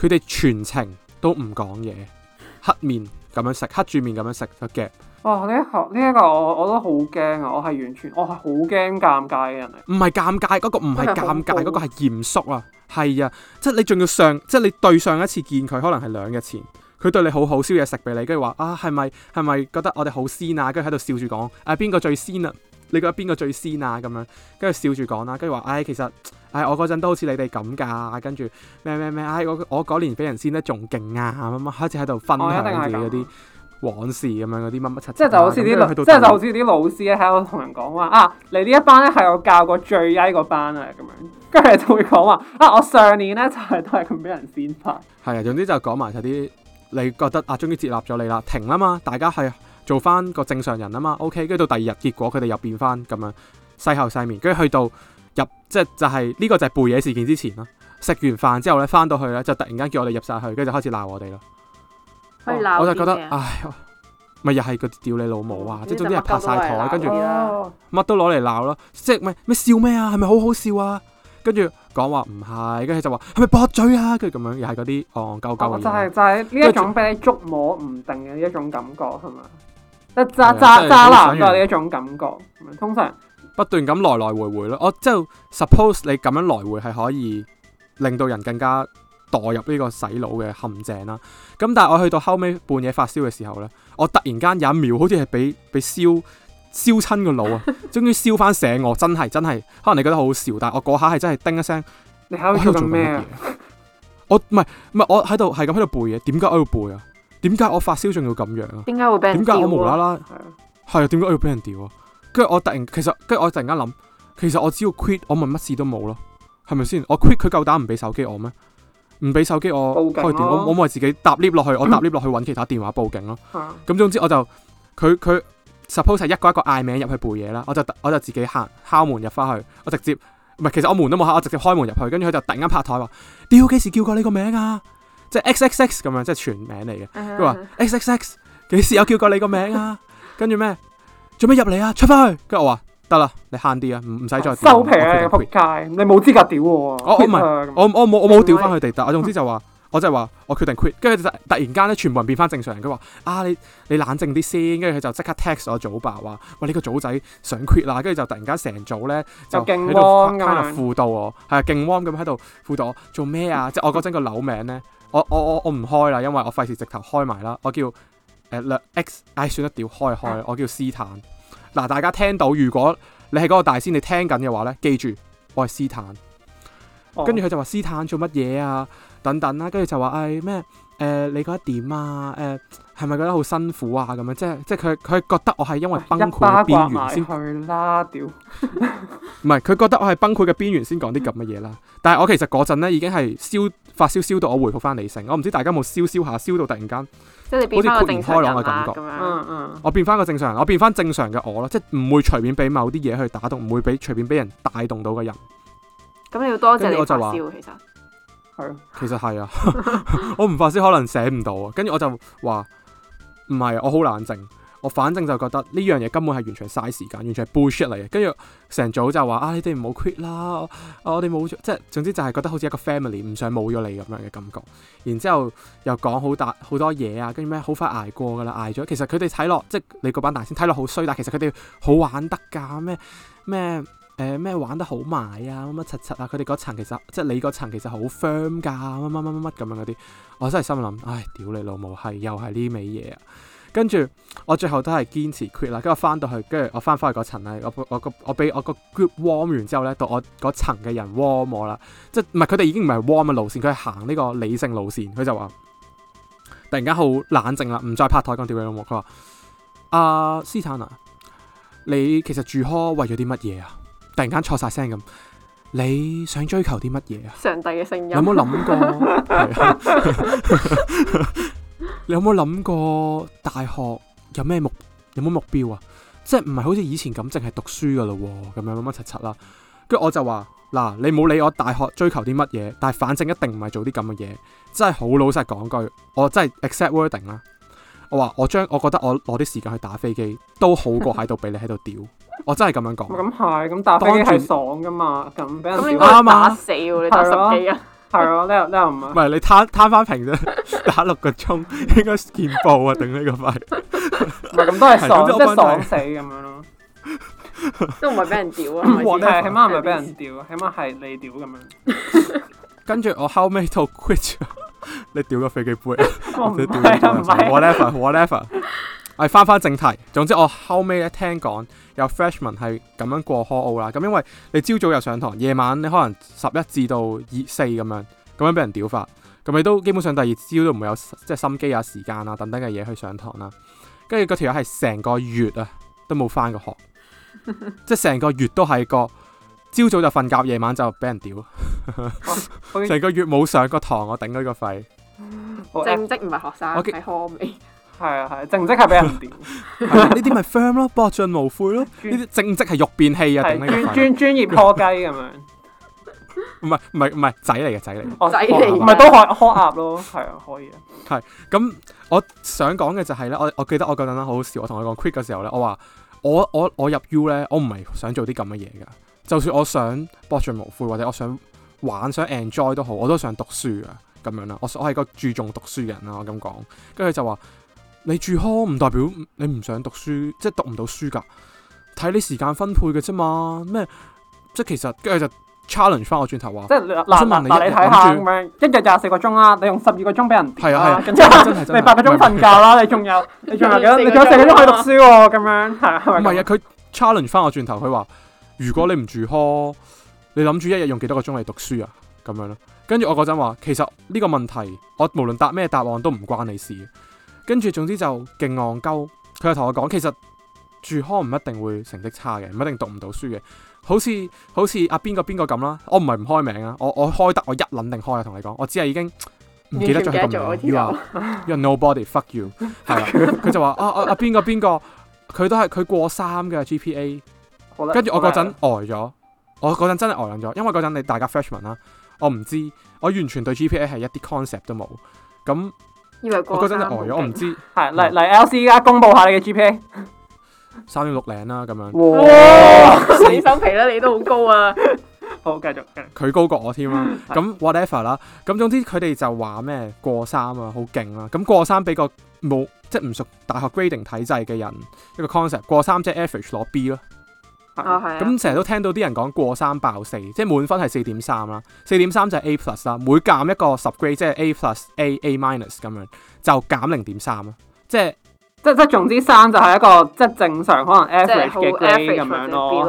佢哋全程都唔講嘢。黑面咁樣食，黑住面咁樣食得嘅。哦，呢一呢一個我我都好驚啊！我係完全，我係好驚尷尬嘅人嚟。唔係尷尬，嗰個唔係尷尬，嗰個係嚴肅啊！係啊，即係你仲要上，即係你對上一次見佢可能係兩日前，佢對你好好，宵夜食俾你，跟住話啊係咪係咪覺得我哋好鮮啊？跟住喺度笑住講啊邊個最鮮啊？你覺得邊個最先啊？咁樣，跟住笑住講啦，跟住話：唉、哎，其實唉，我嗰陣都好似你哋咁㗎。跟住咩咩咩？唉，我、哎、我嗰年畀人先咧，仲勁啊！咁啊，開始喺度分享自己嗰啲往事咁、哦、樣嗰啲乜乜七，即係就好似啲即係就好似啲老師喺度同人講話啊！你呢一班咧係我教過最曳嗰班啊！咁樣，跟住就會講話啊！我上年咧就係都係咁畀人先發。係啊，總之就講埋曬啲你覺得啊，終於接納咗你啦，停啦嘛，大家係。做翻個正常人啊嘛，OK，跟住到第二日，結果佢哋又變翻咁樣西口西面，跟住去到入，即係就係呢個就係背嘢事件之前啦。食完飯之後咧，翻到去咧就突然間叫我哋入晒去，跟住就開始鬧我哋咯。我就覺得，唉，咪又係個屌你老母啊！即總之係拍晒台，跟住乜都攞嚟鬧咯，即係咪咩笑咩啊？係咪好好笑啊？跟住講話唔係，跟住就話係咪駁嘴啊？跟住咁樣又係嗰啲戇戇鳩鳩。就係就係呢一種俾你捉摸唔定嘅呢一種感覺係嘛？渣渣渣男都係呢一種感覺，通常不斷咁來來回回咯。我即係 suppose 你咁樣來回係可以令到人更加墮入呢個洗腦嘅陷阱啦。咁但係我去到後尾半夜發燒嘅時候咧，我突然間有一秒好似係俾俾燒燒親個腦啊，終於燒翻醒我，真係真係。可能你覺得好好笑，但係我嗰下係真係叮一聲，你喺度做咩啊？我唔係唔係，我喺度係咁喺度背嘅，點解喺度背啊？點解我發燒仲要咁樣啊？點解會俾人屌啊？點解我無啦啦係啊？點解要俾人屌啊？跟住我突然其實跟住我突然間諗，其實我只要 quit，我咪乜事都冇咯，係咪先？我 quit，佢夠膽唔俾手機我咩？唔俾手機我開電、啊我，我我咪自己搭 lift 落去，我搭 lift 落去揾、嗯、其他電話報警咯。咁、嗯、總之我就佢佢 suppose 係一個一個嗌名入去背嘢啦。我就我就自己行敲門入翻去，我直接唔係其實我門都冇敲，我直接開門入去，跟住佢就突然間拍台話：，屌，幾時叫過你個名啊？即係 X X X 咁樣，即係全名嚟嘅。佢話 X X X 幾時有叫過你個名啊？跟住咩做咩入嚟啊？出翻去。跟住我話得啦，你慳啲啊，唔使再收皮啊！仆街，你冇資格屌我。我唔係我我冇我冇屌翻佢哋。但我總之就話我即係話我決定 quit。跟住突然間咧，全部人變翻正常人。佢話啊，你你冷靜啲先。跟住佢就即刻 text 我祖爸話喂，你個祖仔想 quit 啦。跟住就突然間成組咧就喺度加入輔導我，係啊，勁 warm 咁喺度輔導我做咩啊？即係我嗰陣個樓名咧。.我我我我唔開啦，因為我費事直頭開埋啦。我叫誒、呃、X，唉、哎，算得屌開開。嗯、我叫斯坦。嗱，大家聽到，如果你係嗰個大仙，你聽緊嘅話咧，記住我係斯坦。跟住佢就話，斯坦做乜嘢啊？等等啦、啊，跟住就話誒咩？誒、哎呃、你覺得點啊？誒係咪覺得好辛苦啊？咁樣即係即係佢佢覺得我係因為崩潰嘅邊緣先去啦屌。唔係佢覺得我係崩潰嘅邊緣先講啲咁嘅嘢啦。 但係我其實嗰陣咧已經係燒。發燒燒到我回復翻理性，我唔知大家有冇燒燒下，燒到突然間，即係你好似豁然開朗嘅感覺。嗯、啊、嗯，嗯我變翻個正常人，我變翻正常嘅我咯，即係唔會隨便俾某啲嘢去打動，唔會俾隨便俾人帶動到嘅人。咁你要多謝，謝我就你燒，其實是其實係啊， 我唔發燒可能寫唔到，啊。跟住我就話唔係，我好冷靜。我反正就覺得呢樣嘢根本係完全嘥時間，完全係 bullshit 嚟嘅。跟住成組就話啊，你哋唔好 quit 啦，我哋冇咗，即係總之就係覺得好似一個 family，唔想冇咗你咁樣嘅感覺。然之後又講好大好多嘢啊，跟住咩好快捱過噶啦，捱咗。其實佢哋睇落即係你嗰版大仙睇落好衰，但其實佢哋好玩得㗎，咩咩誒咩玩得好埋啊，乜乜柒柒啊。佢哋嗰層其實即係你嗰層其實好 firm 㗎，乜乜乜乜咁樣嗰啲。我真係心諗，唉，屌你老母，係又係呢味嘢啊！跟住我最後都係堅持 quit 啦，跟住我翻到去，跟住我翻翻去嗰層咧，我我個我俾我個 group warm 完之後咧，到我嗰層嘅人 warm 我啦，即係唔係佢哋已經唔係 warm 嘅路線，佢係行呢個理性路線，佢就話突然間好冷靜啦，唔再拍台咁屌鬼咁，佢話阿斯坦啊，你其實住 hall 為咗啲乜嘢啊？突然間錯晒聲咁，你想追求啲乜嘢啊？上帝嘅聲音有冇諗過？你有冇諗過大學有咩目有冇目標啊？即係唔係好似以前咁淨係讀書噶咯？咁樣乜乜柒柒啦。跟住我就話嗱，你冇理我大學追求啲乜嘢，但係反正一定唔係做啲咁嘅嘢。真係好老實講句，我真係 exact wording 啦。我話我將我覺得我攞啲時間去打飛機都好過喺度俾你喺度屌。 我真係咁樣講。咁係，咁打飛機係爽噶嘛？咁俾人打死吧你打十幾日。 係啊，呢又呢唔係。唔係你攤攤翻平啫，打六個鐘應該見步啊！頂你個肺，唔係咁多係爽，即爽死咁樣咯。都唔係俾人屌啊！唔係，起碼唔係俾人屌，起碼係你屌咁樣。跟住我後尾就 quit 咗！你屌個飛機杯，你屌唔係？whatever，whatever。係翻翻正題，總之我後尾咧聽講有 freshman 係咁樣過 hall 啦，咁因為你朝早又上堂，夜晚你可能十一至到二四咁樣，咁樣俾人屌法，咁你都基本上第二朝都唔會有即係心機啊、時間啊等等嘅嘢去上堂啦。跟住嗰條友係成個月啊都冇翻過學， 即係成個月都係個朝早就瞓覺，夜晚就俾人屌，成、 oh, okay. 個月冇上過堂，我頂佢個肺。正職唔係學生，Okay. okay. 係啊，係、啊、正職係俾人掂呢啲咪 firm 咯，博盡、 啊啊、無悔咯、啊。呢啲 正職係肉變器啊，專專專業破雞咁樣唔係唔係唔係仔嚟嘅仔嚟，仔嚟唔係都學學鴨咯，係啊，可以啊。係咁、 就是，我想講嘅就係咧，我我記得我嗰陣好好笑。我同佢講 quick 嘅時候咧，我話我我我入 U 咧，我唔係想做啲咁嘅嘢噶。就算我想博盡無悔，或者我想玩，想 enjoy 都好，我都想讀書啊。咁樣啦。我我係個注重讀，讀書嘅人啦。我咁講，跟住佢就話。你住 hall，唔代表你唔想讀書，即係讀唔到書噶，睇你時間分配嘅啫嘛。咩即係其實跟住就 challenge 翻我轉頭話，即係是嗱你睇下著一日廿四個鐘啦、啊，你用十二個鐘俾人係啊，跟住你八個鐘瞓覺啦、啊是， 你仲有你仲有幾多你仲有四個鐘去讀書咁樣係唔係啊？佢 challenge 翻我轉頭，佢話如果你唔住 hall，你諗住一日用幾多 個鐘嚟讀書啊？咁樣咯，跟住、啊、我嗰陣話，其實呢個問題我無論答咩答案都唔關你事。跟住，總之就勁戇鳩。佢又同我講，其實住 hall 唔一定會成績差嘅，唔一定讀唔到書嘅。好似好似阿邊個邊個咁啦，我唔係唔開名啊，我我開得，我一諗定開啊。同你講，我只係已經唔記得咗佢個名。佢 You are nobody fuck you。 係啦，佢就話，啊啊啊邊個邊個，佢都係佢過三嘅 GPA。的跟住我嗰陣呆咗，的我嗰陣真係呆諗咗，因為嗰陣你大家 freshman 啦、啊，我唔知，我完全對 GPA 係一啲 concept 都冇。咁。為我嗰陣就呆、呃、咗，我唔知。係， 嚟嚟 L C 而家，公布下你嘅 GPA，三點六零啦，咁 樣。哇，死手 皮啦，你都好高啊！ 好，繼續。佢高過我添啦，咁 whatever 啦，咁總之佢哋就話咩過三啊，好勁啊。咁過三俾個冇即係唔熟大學 grading 體制嘅人一、個 concept，過三即係 average 攞 B 咯。咁成日都聽到啲人講過三爆四，即係滿分係四點三啦，四點三就係 A plus 啦，每減一個 sub grade 即係 A plus A A minus 咁樣就減零點三咯，即係。即係即係，總之三就係一個即係正常，可能 average 嘅咁樣咯，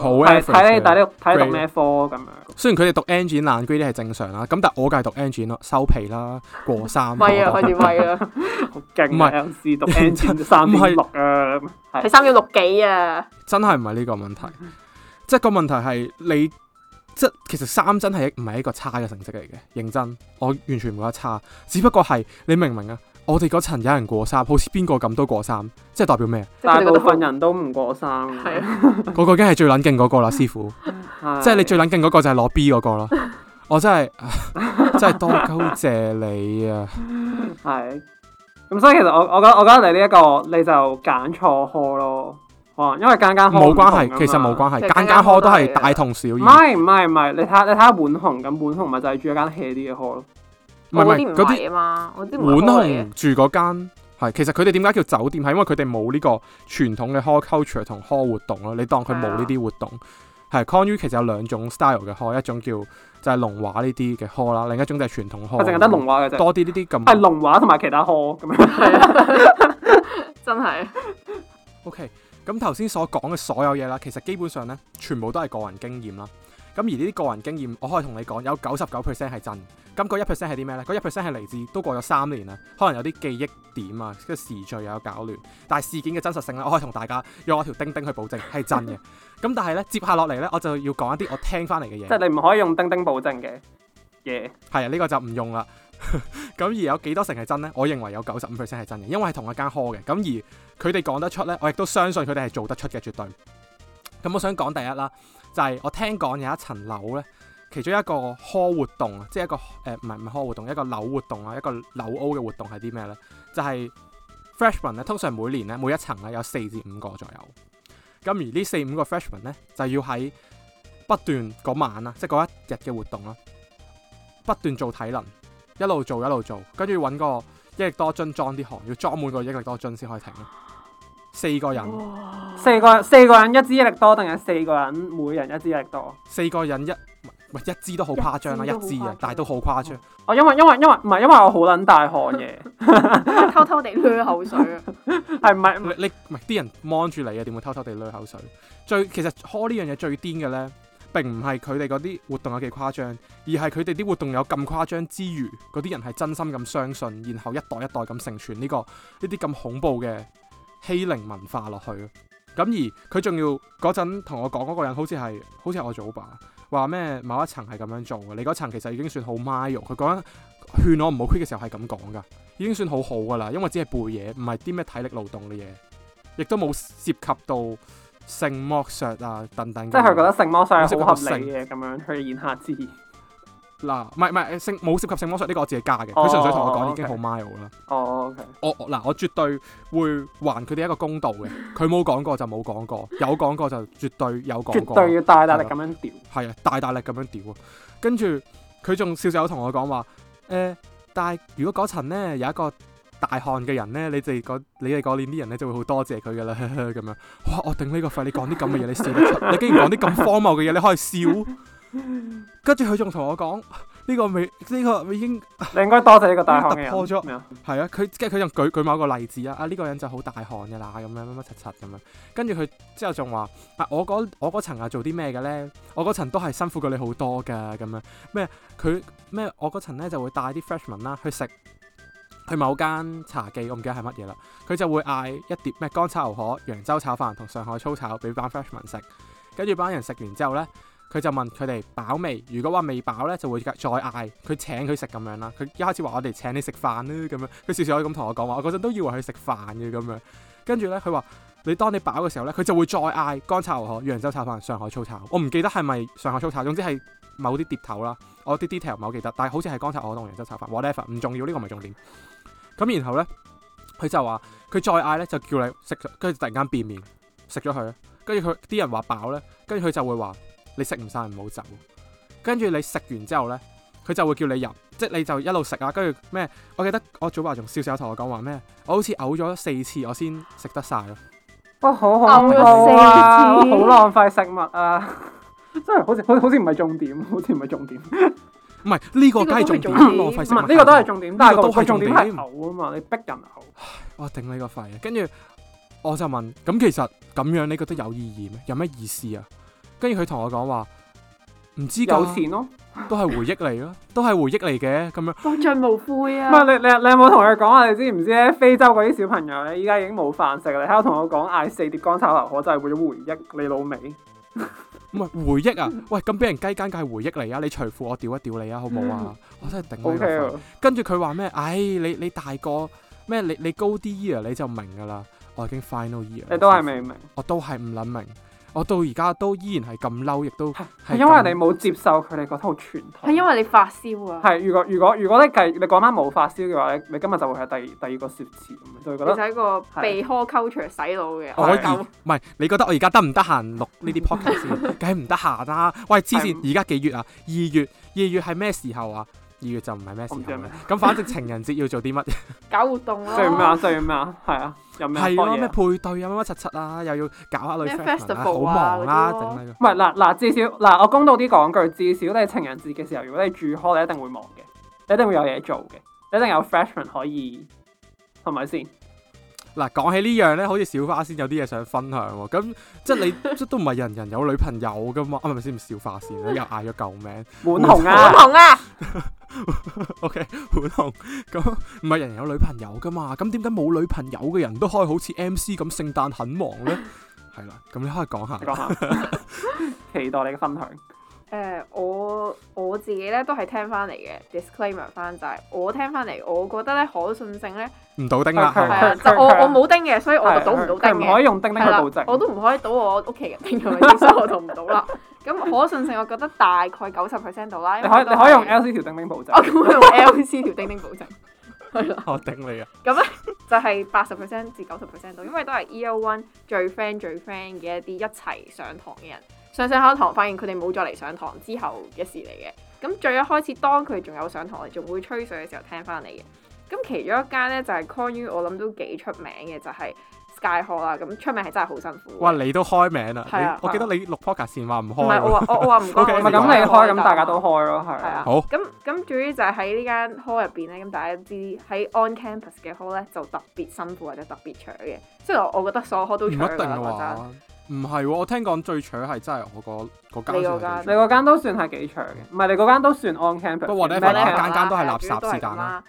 好睇你睇你睇你讀咩科咁樣。雖然佢哋讀 engineering 爛 grade 係正常啦，咁但係我梗係讀 engine 咯，收皮啦，過三。咪啊，開始咪啦，好勁。唔係，唔係，讀三點六啊，係三點六幾啊，真係唔係呢個問題。即係個問題係你，即其實三真係唔係一個差嘅成績嚟嘅，認真，我完全唔覺得差，只不過係你明唔明啊？我哋嗰層有人過三，好似邊個咁都過三，即係代表咩？大部分人都唔過三。係啊，嗰個已經最捻勁嗰個啦，師傅。 即係你最捻勁嗰個就係攞 B 嗰個咯。 我真係 真係多鳩謝你啊！係。 咁所以其實我我覺得我覺得你呢、這、一個你就揀錯科咯，可能、嗯，因為間間科冇關係，其實冇關係，間間科都係大同小異。唔係唔係唔係，你睇下你睇下本紅咁，本紅咪就係住一間 hea 啲嘅科咯。唔係啲啊嘛，嗰啲唔開滿紅住嗰間，其實佢哋點解叫酒店，係因為佢哋冇呢個傳統嘅 hall culture 同 hall 活動咯。你當佢冇呢啲活動係 conu，啊、其實有兩種 style 嘅 hall，一種叫就係、是、龍華呢啲嘅 hall 啦，另一種就係傳統 hall。我淨係得龍華嘅啫。多啲呢啲咁係龍華同埋其他 hall 咁樣， 真係的。OK，咁頭先所講嘅所有嘢啦，其實基本上咧，全部都係個人經驗啦。咁而呢啲個人經驗，我可以同你講，有九十九 percent 係真。咁嗰一 percent 係啲咩呢？嗰一 percent 係嚟自都過咗三年啦，可能有啲記憶點啊，個時序又有搞亂。但係事件嘅真實性咧，我可以同大家用我條叮叮去保證係真嘅。咁 但係呢，接下落嚟呢，我就要講一啲我聽翻嚟嘅嘢。即係你唔可以用叮叮保證嘅嘢。係、yeah. 啊，呢、呢個就唔用啦。咁 而有幾多成係真呢？我認為有九十五 percent 係真嘅，因為係同一間 hall 嘅。咁而佢哋講得出呢，我亦都相信佢哋係做得出嘅，絕對。咁我想講第一啦。就係我聽講有一層樓咧，其中一個 Hall 活動啊，即係一個誒，唔係唔係 Hall 活動，一個 Hall 活動啊，一個 Hall O 嘅活動係啲咩咧？就係、是、freshman 咧，通常每年咧，每一層咧有四至五個左右。咁而呢四五個 freshman 咧，就要喺不斷嗰晚啦，即係嗰一日嘅活動啦，不斷做體能，一路做，一路做，跟住揾個益力多樽裝啲汗，要裝滿個益力多樽先可以停咯。四個人，哇四個四個人一支益力多，定係四個人每人一支益力多？四個人一喂一支都好誇張啦，一支啊，但係都好誇張。哦，因為因為因為唔係因為我好撚大汗嘅， 偷偷地濺口水啊，係唔係你唔係啲人望住你啊？點會偷偷地濺口水？最其實開呢樣嘢最癲嘅呢，並唔係佢哋嗰啲活動有幾誇張，而係佢哋啲活動有咁誇張之餘，嗰啲人係真心咁相信，然後一代一代咁承傳呢、呢個呢啲咁恐怖嘅欺凌文化落去，咁而佢仲要嗰陣同我講嗰個人好似係，好似我祖爸，話咩某一層係咁樣做嘅，你嗰層其實已經算好 mild。佢嗰陣勸我唔好 quit 嘅時候係咁講噶，已經算好好噶啦，因為只係背嘢，唔係啲咩體力勞動嘅嘢，亦都冇涉及到性剝削啊等等。即係佢覺得性剝削係好合理嘅咁像樣去演下字。嗱，唔係，唔係，性冇涉及性魔術呢、呢個我自己加嘅，佢、哦、純粹同我講已經好 mile、哦 okay. 啦。哦，OK，我嗱我絕對會還佢哋一個公道嘅。佢冇講過就冇講過，有講過就絕對有講過。絕對要大大力咁樣屌。係啊，大大力咁樣屌啊！少少跟住佢仲笑笑同我講話，誒、欸，但係如果嗰層咧有一個大汗嘅人咧，你哋嗰你哋嗰年啲人咧就會好多謝佢噶啦咁樣。哇！我頂呢個肺，你講啲咁嘅嘢，你笑得出？ 你竟然講啲咁荒謬嘅嘢，你可以笑？ 跟住佢仲同我講呢個未，呢個未，已經你應該多謝呢個大汗嘅人，係啊，佢即係佢仲舉舉某一個例子啊，啊呢個人就好大汗噶啦，咁樣乜乜柒柒咁樣。跟住佢之後仲話，啊我嗰我嗰層啊做啲咩嘅咧？我嗰層都係辛苦過你好多噶，咁樣咩？佢咩？我嗰層咧就會帶啲 freshman 啦去食去某間茶記，我唔記得係乜嘢啦。佢就會嗌一碟咩乾炒牛河、揚州炒飯同上海粗炒俾班 freshman 食，跟住班人食完之後咧。佢就問佢哋飽未？如果話未飽咧，就會再嗌佢請佢食咁樣啦。佢一開始話我哋請你食飯啦咁樣。佢少少可以咁同我講話。我嗰陣都以為佢食飯嘅咁樣。跟住咧，佢話你當你飽嘅時候咧，佢就會再嗌乾炒牛河、揚州炒飯、上海粗炒。我唔記得係咪上海粗炒，總之係某啲碟頭啦。我啲 detail 唔係好記得，但係好似係乾炒牛河同揚州炒飯。whatever 唔重要，呢個唔係重點。咁然後咧，佢就話佢再嗌咧，就叫你食。跟住突然間變面食咗佢。跟住佢啲人話飽咧，跟住佢就會話。你食唔晒唔好走，跟住你食完之後咧，佢就會叫你入，即係你就一路食啊。跟住咩？我記得我祖白仲笑笑同我講話咩？我好似嘔咗四次，我先食得晒咯。哇，好好好浪費食物啊！ 真係好似好好似唔係重點，好似唔係重點。唔係呢個梗係重點，浪費食物。呢、 這個都係重點，但係都係重點係嘔啊嘛， 你逼人嘔。我頂你個肺啊！跟住我就問：咁其實咁樣你覺得有意義咩？有咩意思啊？跟住佢同我講話唔知早前咯，都係回憶嚟咯，都係回憶嚟嘅咁樣，無盡無悔啊！唔係你你,你有冇同佢講啊？你知唔知咧？非洲嗰啲小朋友咧，依家已經冇飯食你喺度同我講嗌四碟乾炒牛河，真係為咗回憶，你老味唔係回憶啊？喂，咁俾人雞奸，梗係回憶嚟啊！你除褲，我屌一屌你啊，好唔好啊？嗯、我真係頂你個肺 Okay 跟住佢話咩？唉、哎，你你,你大個咩？你你高啲啊？你就明噶啦！我已經 final year，你都係未明？我都係唔諗明。我到而家都依然係咁嬲，亦都係因為麼你冇接受佢哋嗰套傳統。係因為你發燒啊！係如果如果如果你計你嗰晚冇發燒嘅話，你你今日就會係第第二個雪字咁樣。你就係一個鼻科 culture 是洗腦嘅。我唔係樣，你覺得我而家得唔得閒錄呢啲 podcast？梗係唔、嗯、得閒啦！啊、 喂，黐線，而家幾月啊？二月，二月係咩時候啊？二月就唔係咩時候，咁反正情人節要做啲乜？ 搞活動咯、啊。需要咩啊？需要咩啊？係啊，有咩係啊，咩配對啊，乜乜七七啊，又要搞下女、啊。咩 f、啊、好忙啦、啊，整、啊。唔係嗱嗱，至少嗱我公道啲講句，至少你係情人節嘅時候，如果你住開，你一定會忙嘅，你一定會有嘢做嘅，你一定有 freshman 可以，係咪先？嗱，講起呢樣咧，好似小花仙有啲嘢想分享喎、啊。咁即係你即都唔係人人有女朋友噶嘛？係、啊、咪先，先？小花仙又嗌咗救命，滿紅啊！滿紅啊 ！OK，滿紅咁唔係人人有女朋友噶嘛？咁點解冇女朋友嘅人都可以好似 MC 咁聖誕很忙咧？係啦，咁你可以講下，講下，期待你嘅分享。誒，uh, 我我自己咧都係聽翻嚟嘅，disclaimer 翻就係、是、我聽翻嚟，我覺得咧可信性咧唔賭丁啦，就是、我我冇丁嘅，所以我就賭唔到丁嘅，唔可以用丁丁去保證，我都唔可以賭我屋企人邊 所以我就唔到啦。咁 可信性，我覺得大概九十 percent 度啦，你可以你 可以用 L C 條丁丁保證，我可以用 L C 條丁丁保證，係咯，我頂你啊！咁咧就係八十 percent 至九十 percent 度，因為都係 E O One 最 friend 最 friend 嘅一啲一齊上堂嘅人。上上堂發現佢哋冇再嚟上堂之後嘅事嚟嘅，咁最一開始當佢仲有上堂，仲會吹水嘅時候聽翻嚟嘅。咁其中一間咧就係、是、Con 於我諗都幾、就是、出名嘅，就係 Sky Hall 啦。咁出名係真係好辛苦。哇！你都開名啦？係、啊、我記得你六 Parker 先話唔開。唔係我話我話唔開。唔係咁你開，咁大家都開咯，係啊。啊好。咁咁至於就係喺呢間 hall 入邊咧，咁大家知喺 on campus 嘅 hall 咧就特別辛苦或者特別 chur 嘅，即係我我覺得所有 hall 都 chur 唔係、哦，我聽講最長係真係我個個間、間。你嗰間、間、間都算係幾長嘅，唔係你嗰間都算 on campus。不或者可能間間都係垃圾時間啦。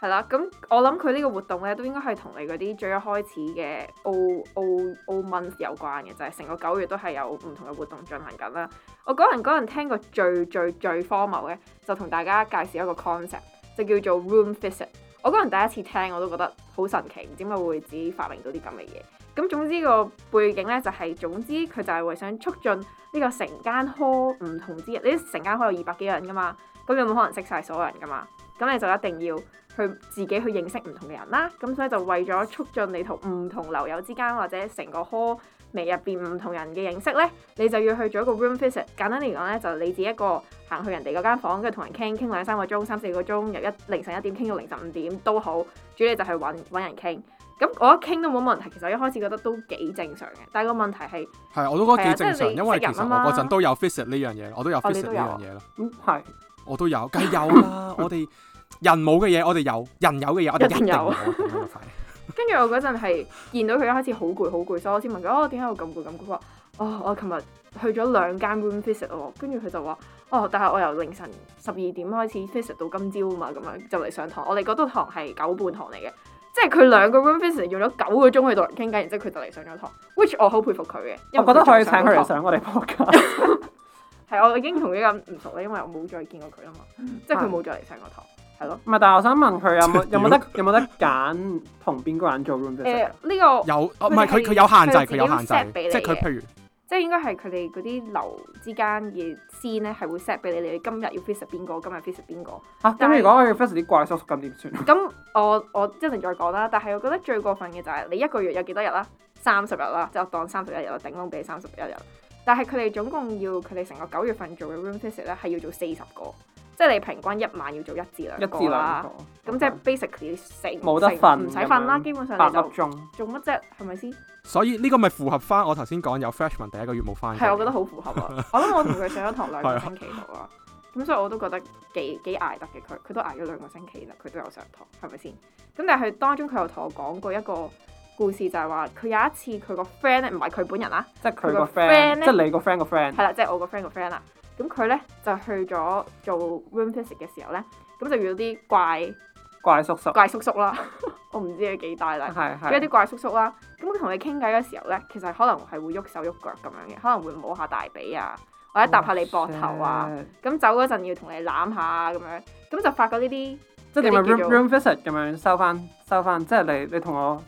係啦，咁、啊、我諗佢呢個活動咧都應該係同你嗰啲最一開始嘅 O, O, O month 有關嘅，就係、係、成個九月都係有唔同嘅活動進行緊啦。我嗰人嗰陣聽過最最最荒謬嘅，就同大家介紹一個 concept，就叫做 room visit。我嗰陣第一次聽，我都覺得好神奇，唔知點解會自己發明到啲咁嘅嘢。咁總之個背景咧就係、是、總之佢就係為想促進呢個成間 hall 唔同之人，你成間 hall 有二百幾人㗎嘛，咁你冇可能識晒所有人㗎嘛，咁你就一定要去自己去認識唔同嘅人啦。咁所以就為咗促進你同唔同樓友之間或者成個 hall 入面唔同人嘅認識咧，你就要去做一個 room visit。簡單嚟講咧，就是、你自己一個行去人哋嗰間房，跟住同人傾傾兩三個鐘、三四個鐘，由一凌晨一點傾到凌晨五點都好，主要你就去揾揾人傾。咁我一傾都冇問題，其實一開始覺得都幾正常嘅。但個問題係係，我都覺得幾正常，啊啊、因為其實我嗰陣都有 visit 呢樣嘢，我都有 visit 呢樣嘢啦。嗯，我都有，梗係有啦。 我哋人冇嘅嘢，我哋有；人有嘅嘢，我哋人有。 跟住我嗰陣係見到佢一開始好攰，好攰，所以我先問佢：哦，點解會咁攰咁攰？佢話：哦，我琴日去咗兩間 room visit 咯。跟住佢就話：哦，但係我由凌晨十二點開始 visit 到今朝啊嘛，咁樣就嚟上堂。我哋嗰度堂係九半堂嚟嘅。即係佢兩個 roommate 用咗九個鐘去同人傾偈，然之後佢就嚟上咗堂，which 我好佩服佢嘅。我覺得可以請佢嚟上我哋課架。係，我已經同佢咁唔熟啦，因為我冇再見過佢啊嘛。即係佢冇再嚟上我堂，係咯。唔係但我想問佢有冇有冇 得有冇得揀同邊個人做 roommate 呢個有唔係佢佢有限制，佢有限制，限制即係佢譬如。即係應該係佢哋嗰啲樓之間嘅先咧，係會 set 俾你哋，今日要 f i s h 食邊個，今日 f i s h 食邊個。咁如果我要 f i s h 啲怪叔叔咁點算？咁我我一陣再講啦。但係我覺得最過分嘅就係你一個月有幾多日啦，啊？三十日啦，就係、是、當三十一日，頂多俾你三十一日。但係佢哋總共要佢哋成個九月份做嘅 room face 食咧，係要做四十個。即係你平均一晚要做一至兩個啦，咁即係 basically 成冇得瞓，唔使瞓啦，基本上你就八粒鐘，做乜啫？係咪先？所以呢個咪符合翻我頭先講有 freshman 第一個月冇翻嘅，係我覺得好符合啊！我諗我同佢上咗堂兩個星期度啊。咁所以我都覺得幾幾捱得嘅，佢，佢都捱咗兩個星期啦，佢都有上堂，係咪先？咁但係當中佢又同我講過一個故事，就係話佢有一次佢個 friend 咧，唔係佢本人啦，即係佢個 friend，即係你個 friend 個 friend，係啦，即係我個 friend 個 friend 啦。咁佢咧就去咗做 room visit 嘅時候咧，咁就遇到啲怪怪叔叔、怪叔叔啦。 我唔知佢幾大啦，即係啲怪叔叔啦。咁佢同你傾偈嘅時候咧，其實可能係會喐手喐腳咁樣嘅，可能會摸下大髀啊，或者搭下你膊頭啊。咁塞走嗰陣要同你攬下咁樣，咁就發覺呢啲即係你咪 room room visit 咁樣收翻收翻，即係你你同我，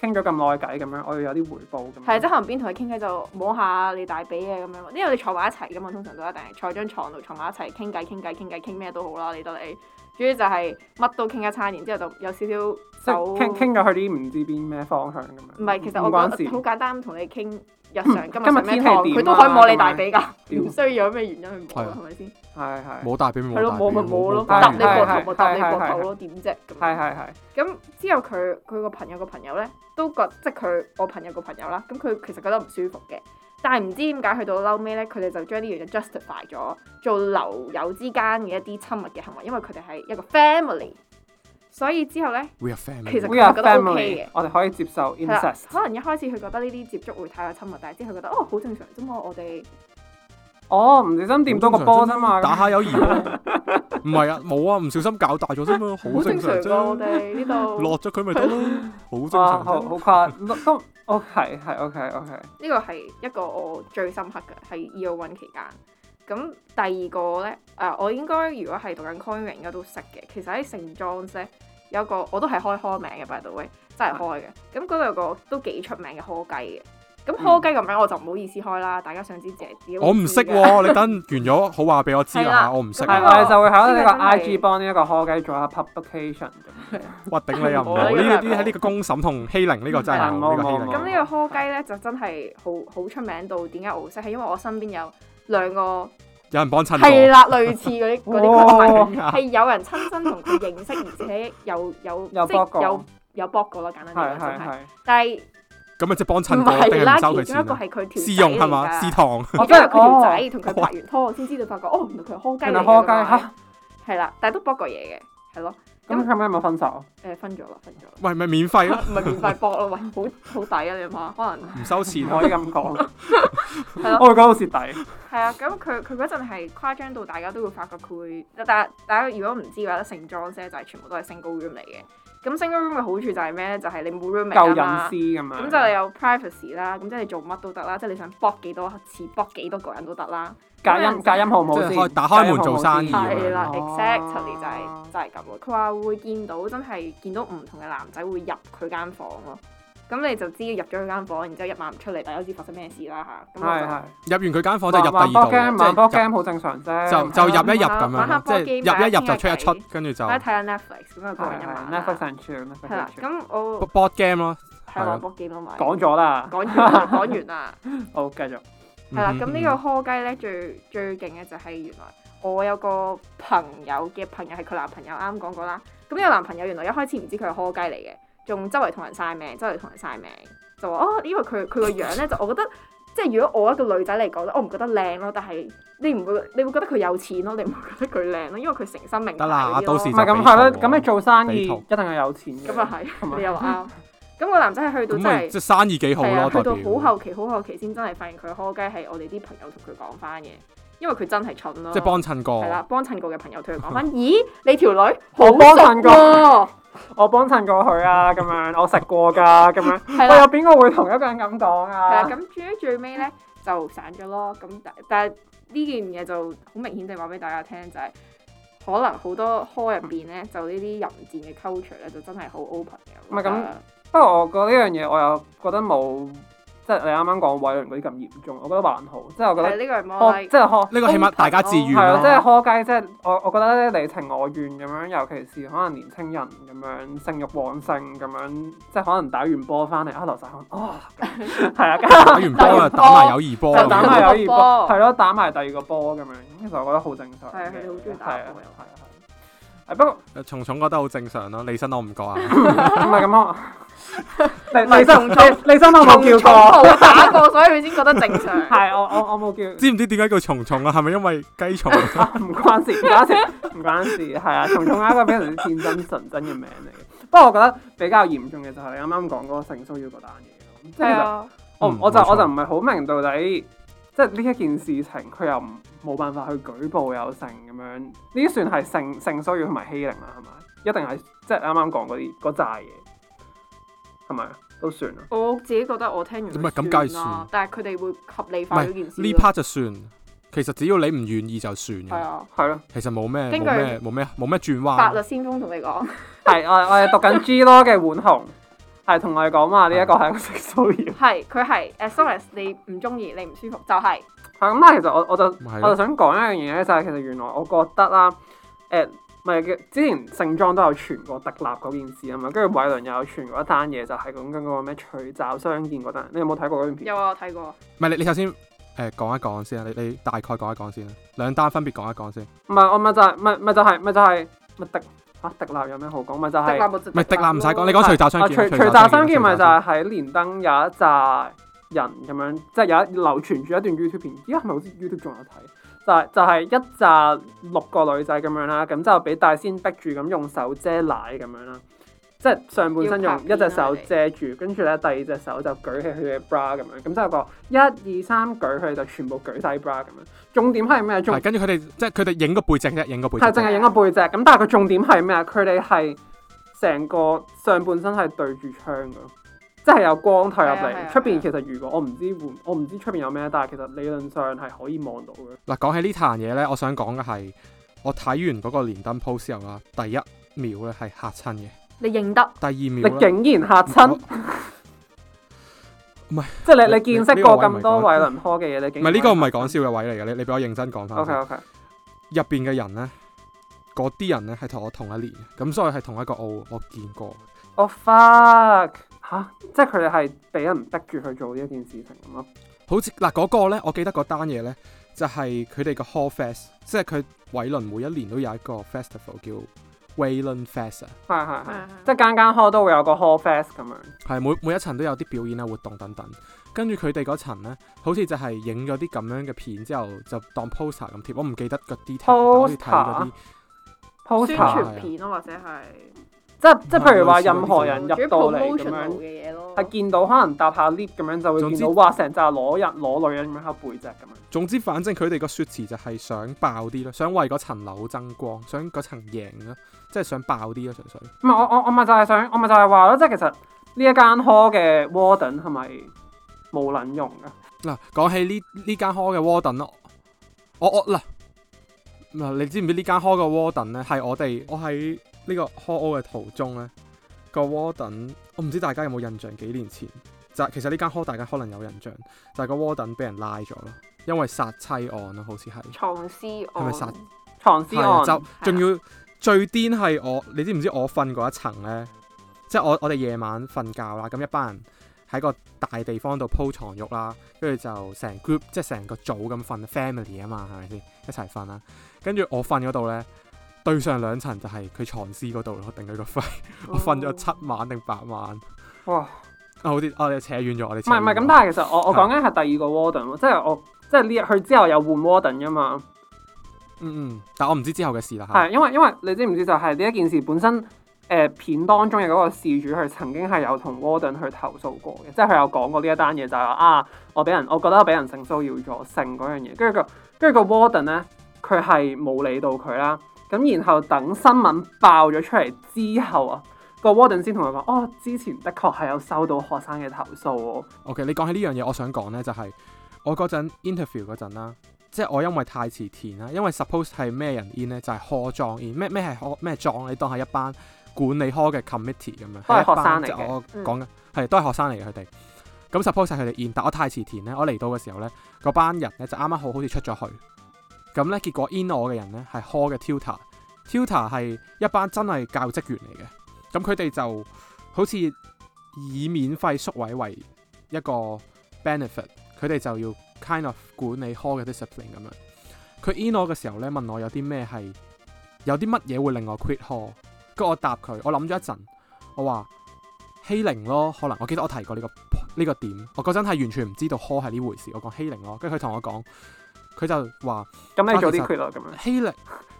傾咗咁耐偈咁樣，我要有啲回報咁。係即可能邊同佢傾偈就摸下、啊、你大髀啊咁、就係、樣，因為你坐埋一齊噶嘛，通常 都一定係坐張床度坐埋一齊傾偈傾偈傾偈傾咩都好啦，你得你，主要就係乜都傾一餐，然之後就有少少就傾傾咗佢啲唔知邊咩方向咁樣。唔係，其實我覺得好簡單，同你傾。日常今日咩佢都可以摸你大髀㗎，唔需要有咩原因去摸，係咪先？係係冇大髀咪冇大髀咯，冇咪冇咯，搭你膊頭咪搭你膊頭咯，點啫？係係係咁之後，佢佢個朋友個朋友咧都覺即係佢我朋友個朋友啦。咁佢其實覺得唔舒服嘅，但係唔知點解去到嬲尾咧，佢哋就將呢樣嘢 justify 咗做留友之間嘅一啲親密嘅行為，因為佢哋係一個 family。所以之後咧，are family，其實我覺得 O 我哋可以接受。可能一開始佢覺得呢啲接觸會太過親密，但係之後覺得哦好正常，咁啊我哋哦唔小心掂到個波 a 啊嘛，樣打下友誼。唔係 啊，冇啊，唔小心搞大咗啫嘛，好正常啫。我哋呢度落咗佢咪得咯，好正常好快。好誇。咁 OK，係係 OK OK。呢個係一個我最深刻嘅喺 EO One 期間。咁第二個咧，誒、呃、我應該如果係讀緊 Conway 應該都識嘅，其實喺盛裝啫。有個我都係開開名嘅，by the way 真係開嘅。咁嗰兩個都幾出名嘅柯雞嘅。咁柯雞個名我就唔好意思開啦，大家想知自己知我、啊。我唔識喎，你等完咗好話俾我知啦，我唔識。係啊，我我就會喺呢個 IG 幫呢一個柯雞做下 publication。咁我對頂你又，我呢啲喺呢個公審同欺凌呢、呢個真係。咁、嗯、呢個柯雞咧就真係好好出名到點解我識？係因為我身邊有兩個。有人幫襯係啦，類似嗰啲嗰啲，係、哦、 有人親身同佢認識，哦、 而且有有即係有 有 book 過咯，簡單啲講，但係咁咪即係幫襯唔係啦，其中一個係佢私用係嘛，私堂。而家佢條仔同佢拍完拖，我先 知道發覺哦，是是來原來佢康雞康嘛。係啦、啊，但係都 book 過嘢嘅，係咯。咁咁有冇分手？誒、 欸，分咗啦，分咗。喂，咪免費咯？唔係 免費 book 咯， 喂，好好抵啊！你話，可能唔收錢 可以咁講，係咯呀，我會講到蝕底。係啊，咁佢佢嗰陣係誇張到大家都會發覺佢，但大家，大家如果唔知嘅話，成裝啫，就係、是、全部都係 single room 嚟嘅。咁 single room 嘅好處就係咩咧？就係、是、你冇 roommate 夠隱私咁啊！咁就有 privacy 啦。咁即係你做乜都得啦。即係你想 book 幾多次 book 幾多個人都得啦。隔音隔音好唔好先？打開門做生意。係啦，exactly 就係就係咁喎。佢話會見到真係見到唔同嘅男仔會入佢間房咯。咁你就知入咗佢間房，然之後一晚唔出嚟，大家知發生咩事啦嚇。係係。入完佢間房就入第二度，玩 board game，玩 game 好正常啫。就就入一入咁樣，即係入一入就出一出，跟住就。睇下 Netflix 咁啊，睇完 Netflix 上一集。係啦，咁我。board game 咯。係咯，board game 咯。講咗啦。講完，講完啦。好，繼續。係啦，咁呢個殼雞咧最最勁嘅就係原來我有個朋友嘅朋友係佢男朋友，啱啱講過啦。咁呢個男朋友原來一開始唔知佢係殼雞嚟嘅，仲周圍同人晒命，周圍同人晒命，就話哦，因為佢佢個樣咧，就我覺得 即係如果我一個女仔嚟講咧，我唔覺得靚咯，但係你唔會你會覺得佢有錢咯，你唔會覺得佢靚咯，因為佢成身名牌。得啦，到時就咁係啦，咁你做生意同一定係有錢嘅。咁啊係，你又啱。 咁個男仔係去到真係，即生意幾好咯，啊。啊、表去到好後期，好後期先真係發現佢開雞係我哋啲朋友同佢講翻嘅，因為佢真係蠢咯。即幫襯過係啦，幫襯過嘅朋友同佢講翻。 咦，你條女好蠢㗎！我幫襯過佢啊，咁樣我食過㗎，咁樣。係啦，有邊個會同一個人咁講啊？係啦，啊，咁至於最尾咧就散咗咯。咁，就是，但係呢件嘢就好明顯地話俾大家聽，就是，就係可能好多 hall 入邊咧，就呢啲淫賤嘅 culture 咧，就真係好 open 嘅。唔係咁。不過我覺得呢樣嘢我又覺得冇即係你啱啱講毀容嗰啲咁嚴重，我覺得還好，即係我覺得，呢即係呵，呢個起碼大家自願啦。即係呵雞，即係我我覺得咧你情我願咁樣，尤其是可能年青人咁樣性慾旺盛咁樣，即係可能打完波翻嚟啊頭曬，哇，係啊，打完波打埋友誼波，打埋友誼波，係咯，打埋第二個波咁樣，其實我覺得好正常。係啊，係啊。不過蟲蟲覺得好正常咯，李生我唔覺啊，唔係咁啊，李李生，李生我冇叫過，蟲蟲打過，所以佢先覺得正常。係，我我我冇叫。知唔知點解叫蟲蟲啊？係咪因為雞蟲啊？唔關事，唔關事，唔關事，係啊，蟲蟲係一個非常之天真純真嘅名嚟嘅。不過我覺得比較嚴重嘅就係啱啱講嗰個性騷擾嗰單嘢咯，即係我我就我就唔係好明到底，即係呢一件事情佢又唔。冇辦法去舉報有成，咁樣，呢啲算係性性騷擾同埋欺凌啦，係咪？一定係即係啱啱講嗰啲嗰扎嘢，係、就、咪、是？都算啊！我自己覺得我聽完唔係咁介意但係佢哋會合理化呢件事。呢 part 就算，其實只要你唔願意就算。係啊，係咯，其實冇咩，冇咩根據，冇咩，冇咩轉彎。發咗先鋒同你講，係 我我係讀緊 G 咯嘅浣熊，係同我哋講話呢一個係性騷擾，係佢係 a s o r r y 你唔中意，你唔舒服就係、是。嚇！咁咧、嗯，其實我我就，就是我就想講一樣嘢咧，就係其實原來我覺得啦，誒、欸，咪之前盛裝都有傳過狄立嗰件事啊嘛，跟住偉倫又有傳過一單嘢，就係講緊嗰個咩除罩相見嗰單，你有冇睇過嗰段片？有啊，睇過。唔係你你頭先誒、呃、講一講先啊，你你大概講一講先啊，兩單分別講一講先。唔係，我咪就係、是，咪咪就係、是，咪就係咪狄嚇狄立有咩好講？咪就係咪狄立唔使講，你講除罩相除除罩相見咪就係喺連登有一紮。人咁樣，即係有一，流傳住一段 YouTube 片，依家係咪好似 YouTube 仲有睇？就係就係一紮六個女仔咁樣啦，咁就俾大仙逼住咁用手遮奶咁樣啦，即係上半身用一隻手遮住，跟住咧第二隻手就舉起佢嘅 bra 咁樣，咁即係個一二三舉佢就全部舉晒 bra 咁樣。重點係咩？重點跟住佢哋即係佢哋影個背脊啫，影個背脊。係淨係影個背脊，咁但係個重點係咩？佢哋係成個上半身係對住窗嘅。即係有光透入嚟，出邊其實如果我唔知我唔知出邊有咩，但係其實理論上係可以望到嘅。嗱，講起呢壇嘢咧，我想講嘅係，我睇完嗰個連登 post 之後啦，第一秒咧係吓親嘅，你認得？第二秒，你竟然吓親？唔係，即係你你見識過咁多偉倫科嘅嘢，你唔係呢個唔係講笑嘅位嚟嘅，你你俾我認真講翻。O K O K。入邊嘅人咧，嗰啲人咧係同我同一年，咁所以係同一個澳，我見過。Oh fuck！嚇！即係佢哋係俾人逼住去做呢一件事情咁咯。好似嗱嗰個咧，我記得嗰單嘢咧，就係佢哋個 hall fest，即係佢偉倫每一年都有一個 festival 叫偉倫 fest 啊。係係係，即係間間 hall 都會有個 hall fest 咁樣。係每每一層都有啲表演啊、活動等等。跟住佢哋嗰層咧，好似就係影咗啲咁樣嘅片之後，就當 poster 咁貼。我唔記得個 detail，好似睇嗰啲宣傳片咯、啊，或者係。 即即譬如話，任何人入到嚟咁樣，係之見到可能搭下 lift 咁樣，就會見到哇成扎攞人攞女人咁喺背脊咁啊。總之，總之反正佢哋個説辭就係想爆啲咯，想為嗰層樓增光，想嗰層贏咯，即係想爆啲咯，純粹。唔係我我我咪就係想我咪就係話咯，即係其實呢一間 hall 嘅 warden 係咪冇卵用噶？嗱、啊，講起呢呢間 hall 嘅 warden 咯，我我嗱嗱，你知唔知呢間 hall 嘅 warden 咧係我哋我喺？呢個 l 屙嘅途中咧，個 warden，我唔知大家有冇印象？幾年前就是、其實呢間 hall 大家可能有印象，就係、是、個 warden 俾人拉咗咯，因為殺妻案咯、啊，好似係藏屍案，係咪殺藏屍案？就仲、啊、要最癲係我，你知唔知我瞓嗰一層咧？即係我我哋夜晚瞓覺啦，咁一班人喺個大地方度鋪床褥啦，跟住就成 group 即係成個組咁瞓 family 啊嘛，係咪先一齊瞓啦？跟住我瞓嗰度咧。對上兩層就係佢藏屍嗰度咯，定佢個肺， 我瞓咗七晚定八晚。哇唉！啊，好啲啊，你扯遠咗，我哋唔係唔係咁，但係其實我我講緊係第二個 Warden 咯是，即係我即係呢佢之後有換 Warden 噶嘛。嗯嗯，但我唔知之後嘅事啦。係、啊、因為因為你知唔知就係呢一件事本身，誒、呃、片當中嘅嗰個事主佢曾經係有同 Warden 去投訴過嘅，即係佢有講過呢一單嘢就係、是、話啊，我俾人我覺得我俾人，人性騷擾咗性嗰樣嘢，跟住、那個跟住個 Warden 咧，佢係冇理到佢啦。咁然後等新聞爆咗出嚟之後啊，個 Warden 先同佢講：哦，之前的確係有收到學生嘅投訴喎、哦。OK，你講起呢樣嘢，我想講咧就係、是、我嗰陣 interview 嗰陣啦，即係我因為太遲填啦，因為 suppose 係咩人 in 咧，就係科狀 in 咩咩係科咩狀你當係一班管理科嘅 committee 咁樣，都係學生嚟嘅。我講嘅係都係學生嚟嘅佢哋。咁 suppose 晒佢哋然 in 但我太遲填咧，我嚟到嘅時候咧，嗰班人咧就啱啱好好似出咗去。咁咧，結果 in 我嘅人咧係 hall 嘅 tutor，tutor 係一班真係教職員嚟嘅。咁佢哋就好似以免費宿位為一個 benefit，佢哋就要 kind of 管理 hall 嘅 discipline 咁樣。佢 in 我嘅時候咧，問我有啲咩係有啲乜嘢會令我 quit hall，跟住我答佢，我諗咗一陣，我話欺凌咯，可能我記得我提過呢個呢個點，我嗰陣係完全唔知道 hall 係呢回事，我講欺凌咯，跟住佢同我講。佢就話：咁你做啲咩咯？咁樣欺凌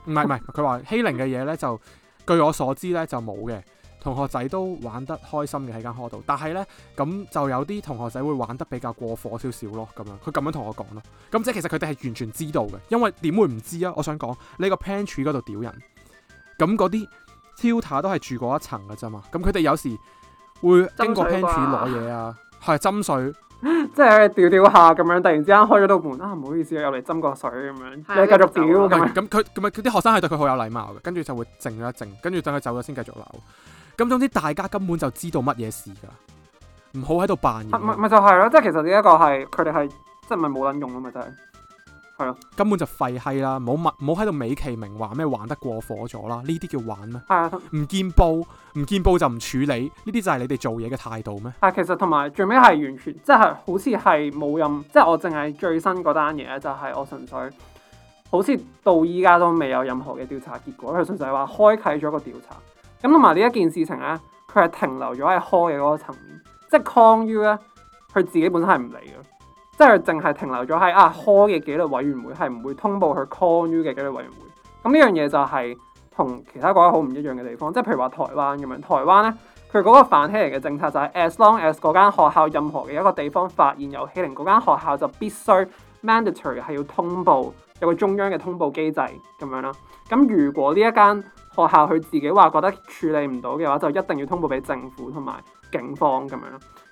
唔係唔係，佢話欺凌嘅嘢咧就據我所知咧就冇嘅。同學仔都玩得開心嘅喺間 hall 度，但係咧咁就有啲同學仔會玩得比較過火少少咯，咁樣佢咁樣同我講咯。咁即係其實佢哋係完全知道嘅，因為點會唔知啊？我想講呢個 pantry 嗰度屌人，咁嗰啲 tutor 都係住過一層嘅啫嘛。咁佢哋有時會經過,經過 pantry 攞嘢啊，係斟水,水。 即係調調下咁樣，突然之間開咗道門，啊唔好意思，又嚟斟個水咁樣，你繼的續屌咁。佢咁啲學生係對佢好有禮貌嘅，跟住就會靜咗一靜，跟住等佢走咗先繼續鬧。咁總之大家根本就知道乜嘢事噶，唔好喺度扮。嘢、啊。咪就係、是、咯，即係其實呢一個係佢哋係，即係咪冇撚用啊嘛，真係。係根本就廢閪啦！唔好唔好喺度美其名話咩玩得過火咗啦，呢啲叫玩咩？係啊的，唔見報唔見報就唔處理，呢啲就係你哋做嘢嘅態度咩？啊，其實同埋最尾係完全即係、就是、好似係冇任即係、就是、我淨係最新嗰單嘢就係、是、我純粹好似到依家都未有任何嘅調查結果，佢純粹係話開啟咗一個調查。咁同埋呢一件事情咧，佢係停留咗喺 Hall 嘅嗰個層面，即係控 U 咧，佢自己本身係唔理嘅。即係淨係停留咗喺阿科嘅紀律委員會，係唔會通報去 call u 嘅紀律委員會。咁呢樣嘢就係同其他國家好唔一樣嘅地方。即係譬如話台灣咁樣，台灣咧，佢嗰個反欺凌嘅政策就係 as long as 嗰間學校任何嘅一個地方發現有欺凌，嗰間學校就必須 mandatory 係要通報，有個中央嘅通報機制咁樣啦。咁如果呢一間學校佢自己話覺得處理唔到嘅話，就一定要通報俾政府同埋警方咁樣。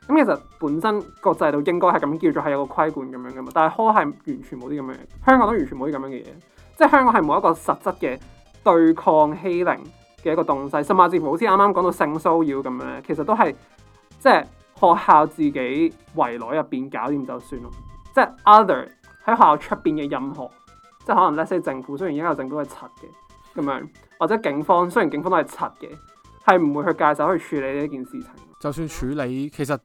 咁其實本身個制度應該係咁叫做係有個規管咁樣噶嘛，但係開係完全冇啲咁樣，香港都完全冇啲咁樣嘅嘢，即係香港係冇一個實質嘅對抗欺凌嘅一個東西，甚至乎好似啱啱講到性騷擾咁樣，其實都係即係學校自己圍內入邊搞掂就算咯，即係 other 喺學校出邊嘅任何，即係可能呢啲政府雖然而家有政府係賊嘅咁樣，或者警方雖然警方都係賊嘅，係唔會去介入去處理呢一件事情。就算處理，其實。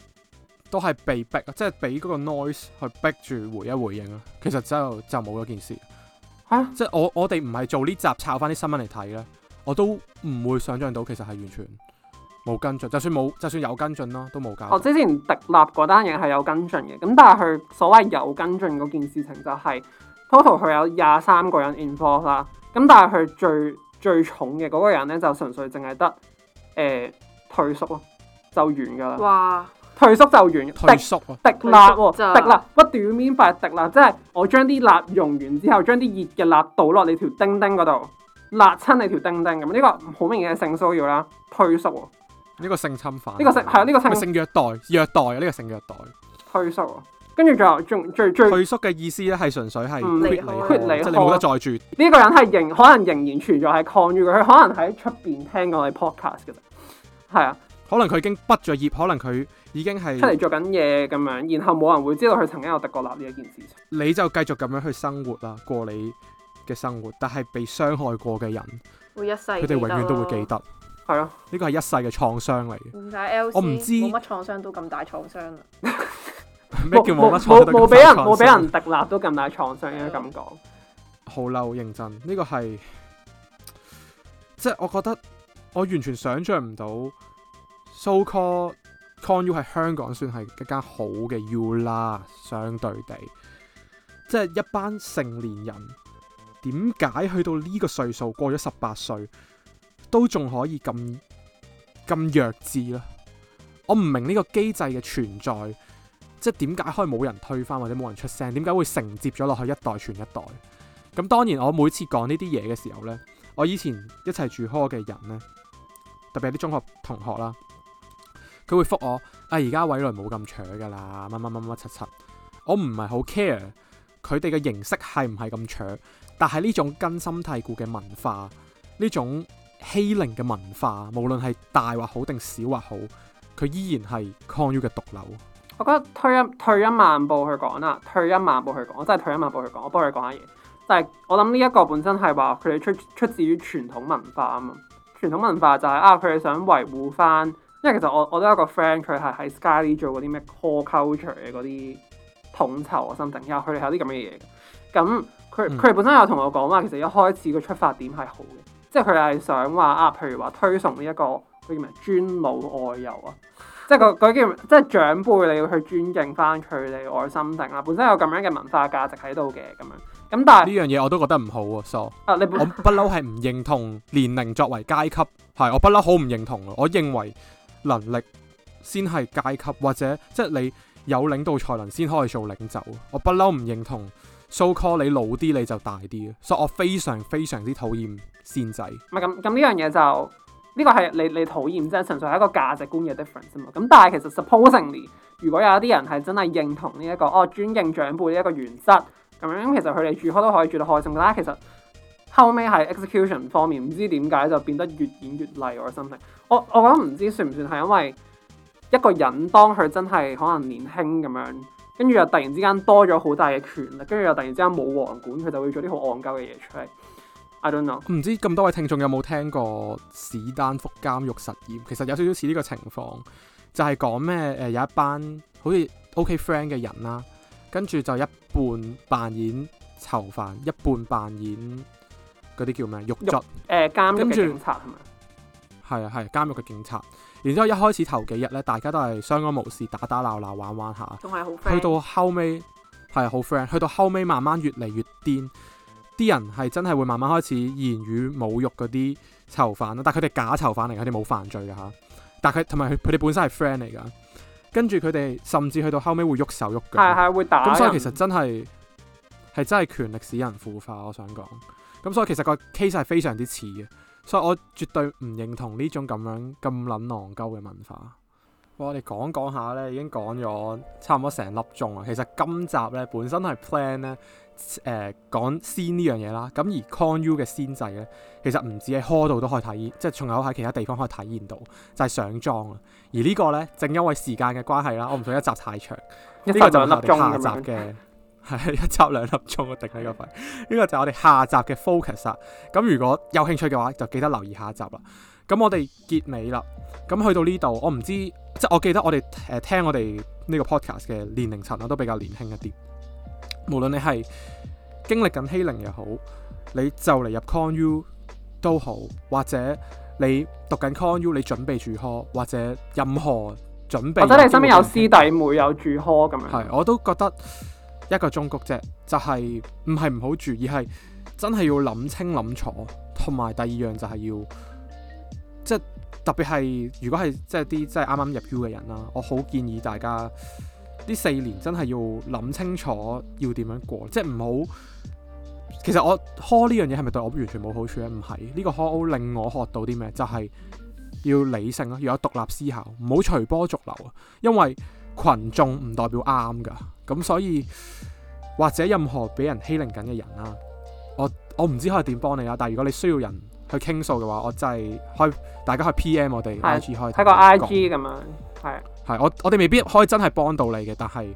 都係被逼，即係俾嗰個 noise 去逼住回一回應啦。其實就就冇咗件事吓。啊、即係我我哋唔係做呢集抄翻啲新聞嚟睇咧，我都唔會想象到其實係完全冇跟進，就算冇，就算有跟進啦，都冇搞。我、哦、之前迪立嗰單嘢係有跟進嘅，咁但係佢所謂有跟進嗰件事情就係 total 佢有廿三個人 involve 啦，咁但係佢最最重嘅嗰個人咧就純粹淨係得誒退縮咯，就完噶啦。哇退縮就完，退縮，滴辣滴辣，不斷要搣塊滴辣，即係我將啲辣用完之後，將啲熱嘅辣倒落你條丁丁嗰度，辣親你條丁丁咁，呢個好明顯嘅性騷擾啦，退縮，呢個性侵犯，呢個性係啊，呢個性性虐待，虐待啊，呢個性虐待，退縮，跟住仲仲最最退縮嘅意思咧，係純粹係脫離，脫離，你冇得再住。呢個人係仍可能仍然存在喺抗住佢，佢可能喺出邊聽過你 podcast 嘅，係啊。可能佢已經畢咗業，可能佢已經係出嚟做緊嘢咁樣，然後冇人會知道佢曾經有特立呢一件事情。你就繼續咁樣去生活啦，過你嘅生活，但係被傷害過嘅人，會一世，佢哋永遠都會記得。係咯，呢個係一世嘅創傷嚟嘅。唔使 L？我唔知冇乜創傷都咁大創傷啦。冇冇冇冇俾人冇俾人特立都咁大創傷，應該咁講好嬲。好認真呢個係即係，我覺得我完全想象唔到。So call call you 係香港算係一間好嘅 U 啦，相對地即係一班成年人點解去到呢個歲數過咗十八歲都仲可以咁咁弱智咧？我唔明呢個機制嘅存在，即係點解可以冇人推翻或者冇人出聲？點解會承接咗落去一代傳一代？咁當然，我每次講呢啲嘢嘅時候呢，我以前一齊住 hall 嘅人呢，特別係啲中學同學啦。佢會復我啊！而、哎、家委內冇咁扯㗎喇，乜乜乜乜七七，我唔係好 care 佢哋嘅形式係唔係咁扯，但係呢種根深蒂固嘅文化，呢種欺凌嘅文化，無論係大 hall 好定小 hall 好，佢依然係港 U 嘅毒瘤。我覺得退一退一萬步去講啦，退一萬步去講，我真係退一萬步去講，我幫你講下嘢。但係我諗呢一個本身係話佢哋出出自於傳統文化啊嘛，傳統文化就係、是、啊，佢哋想維護翻。因為其實我我都有一個 friend，佢係喺 sky 做嗰啲咩 core culture 嘅嗰啲統籌啊，心定。因為佢哋有啲咁嘅嘢。咁佢佢本身有同我講話，其實一開始個出發點係好嘅，即係佢係想話啊，譬如話推崇呢、這、一個叫咩尊老愛幼啊，即係個佢叫即係長輩你要去尊敬翻佢哋愛心定啦。本身有咁樣嘅文化價值喺度嘅咁樣咁，但係呢樣嘢我都覺得唔好啊，所 我不嬲係唔認同年齡作為階級係，我不嬲好唔認同我認為。能力先係階級，或者即係你有領導才能先可以做領袖。我不嬲唔認同，so call 你老啲你就大啲，所以我非常非常之討厭仙制。唔係咁咁，呢樣嘢就呢個係你你討厭啫，純粹係一個價值觀嘅 difference 啫嘛。咁但係其實 supposingly 如果有啲人係真係認同呢、這、一個哦尊敬長輩呢一個原則咁樣，其實佢哋住開都可以住得開心啦。但係其實。後尾喺 execution 方面，唔知點解就變得越演越烈。我嘅心情，我我覺得唔知算唔算係因為一個人當佢真係可能年輕咁樣，跟住又突然之間多咗好大嘅權力，跟住又突然之間冇王管，佢就會做啲好戇鳩嘅嘢出嚟。I don't know，唔知咁多位聽眾有冇聽過史丹福監獄實驗？其實有少少似呢個情況，就係講咩？誒、呃、有一班好似 OK friend 嘅人啦、啊，跟住就一半扮演囚犯，一半扮演。嗰啲叫咩？獄卒，誒、呃、監獄嘅警察，係啊，係監獄嘅警察。然之後一開始頭幾日咧，大家都係相安無事，打打鬧鬧玩玩下。去到後尾係好 friend，去到後尾慢慢越嚟越癲。啲人係真係會慢慢開始言語侮辱嗰啲囚犯，但係佢哋假囚犯嚟，佢哋冇犯罪㗎吓。但係佢同埋佢哋本身係 friend 嚟噶。跟住佢哋甚至去到後尾會喐手喐腳，係係會打。咁所以其實真係係真係權力使人腐化，我想講。咁所以其實個 case 係非常之似嘅，所以我絕對唔認同呢種咁樣咁撚狼鳩嘅文化。我哋講講下咧，已經講咗差唔多成粒鐘啊。其實今集咧本身係 plan 咧、呃、誒講仙呢樣嘢啦，咁而 Con U 嘅仙制咧，其實唔止喺 hall 度都可以體驗，即係仲有喺其他地方可以體驗到，就係、是、上莊啊。而個呢個咧，正因為時間嘅關係啦，我唔想一集太長，一集就一粒鐘咁樣。 係 一集兩粒鐘我定喺個肺。呢個就我哋下集嘅 focus 啦。咁如果有興趣嘅話，就記得留意下一集啦。咁我哋結尾啦。咁去到呢度，我唔知即係我記得我哋誒、呃、聽我哋呢個 podcast 嘅年齡層啊，都比較年輕一啲。無論你係經歷緊欺凌又好，你就嚟入 con u 都好，或者你讀緊 con u，你準備住 hall 或者任何準備。或者你身邊有師弟妹有住 hall 咁樣。係， 我都覺得。一個忠告啫，就係唔係唔好住，而係真係要諗清諗楚，同埋第二樣就係要即係、即係、特別係如果係即係啲即係啱啱入 U 嘅人啦，我好建議大家呢四年真係要諗清楚要點樣過，即係唔好。其實我 hall 呢樣嘢係咪對我完全冇好處咧？唔係，呢、呢個 hall 令我學到啲咩？就係、係、要理性咯，要有獨立思考，唔好隨波逐流啊，因為群眾唔代表啱㗎。咁所以或者任何俾人欺凌緊嘅人啦、啊，我我唔知可以點幫你啦、啊。但係如果你需要人去傾訴嘅話，我就係開大家去 P. M. 我哋 I. G 開個 I. G 咁樣，係係我我哋未必可以真係幫到你嘅，但係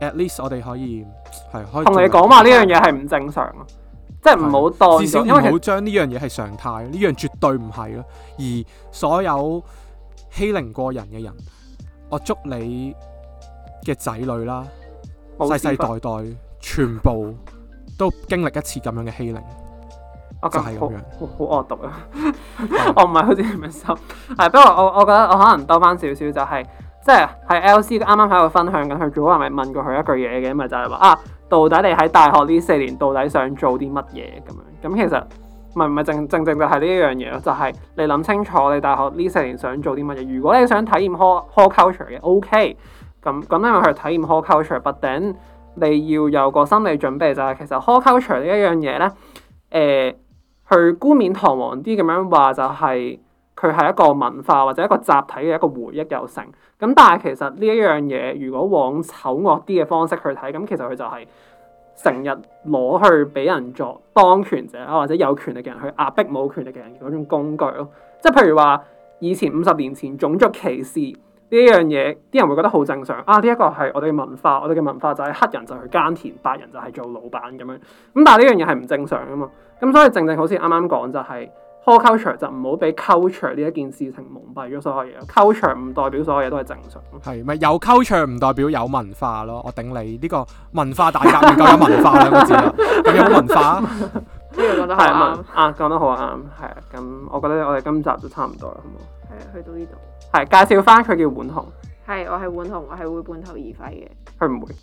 at least 我哋可以係可以同你講話呢樣嘢係唔正常啊，即係唔好當，至少唔好將呢樣嘢係常態。呢樣絕對唔係咯。而所有欺凌過人嘅人，我祝你嘅仔女啦、啊。世世代代全部都經歷一次咁樣嘅欺凌，okay，就係咁樣好惡毒啊！ 對 我唔係好知點樣心。係不過我我覺得我可能兜翻少少就係、是，即係喺 L C 啱啱喺度分享緊佢，最好係咪問過佢一句嘢嘅，咪就係、是、話啊，到底你喺大學呢四年到底想做啲乜嘢咁樣？咁其實唔係唔係正正正就係呢一樣嘢咯，就係、是、你諗清楚你大學呢四年想做啲乜嘢。如果你想體驗 Hall Hall culture 嘅，O K。咁咁，因為佢體驗 hall culture，but 頂你要有個心理準備就係、是，其實 hall culture 呢一樣嘢咧，誒、呃，去冠冕堂皇啲咁樣話就係佢係一個文化或者一個集體嘅一個回憶又成。咁但係其實呢一樣嘢，如果往醜惡啲嘅方式去睇，咁其實佢就係成日攞去俾人作當權者或者有權力嘅人去壓迫冇權力嘅人嗰種工具咯。即係譬如話，以前五十年前種族歧視。呢樣嘢啲人會覺得好正常啊！呢一個係我哋嘅文化，我哋嘅文化就係黑人就去耕田，白人就係做老闆咁樣。咁但係呢樣嘢係唔正常噶嘛？咁所以正正好似啱啱講就係，culture 就唔好俾 culture 呢一件事情蒙蔽咗所有嘢。culture 唔代表所有嘢都係正常，係咪？有 culture 唔代表有文化咯？我頂你呢、這個文化大革命夠有文化兩個字， 有冇文化？呢個講得係啱、 嗯、啊，講得好啱係啊！咁、啊、我覺得我哋今集都差唔多啦，好唔好？啊 lay ered，去到呢度。係介紹翻佢叫碗紅，係我係碗紅，我係會半途而廢嘅，佢唔會，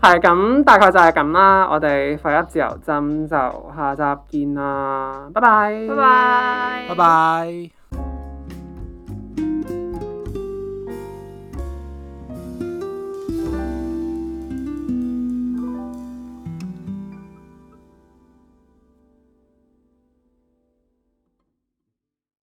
係咁 大概就係咁啦。我哋肺一自由針就下集見啦，拜拜，拜拜，拜拜。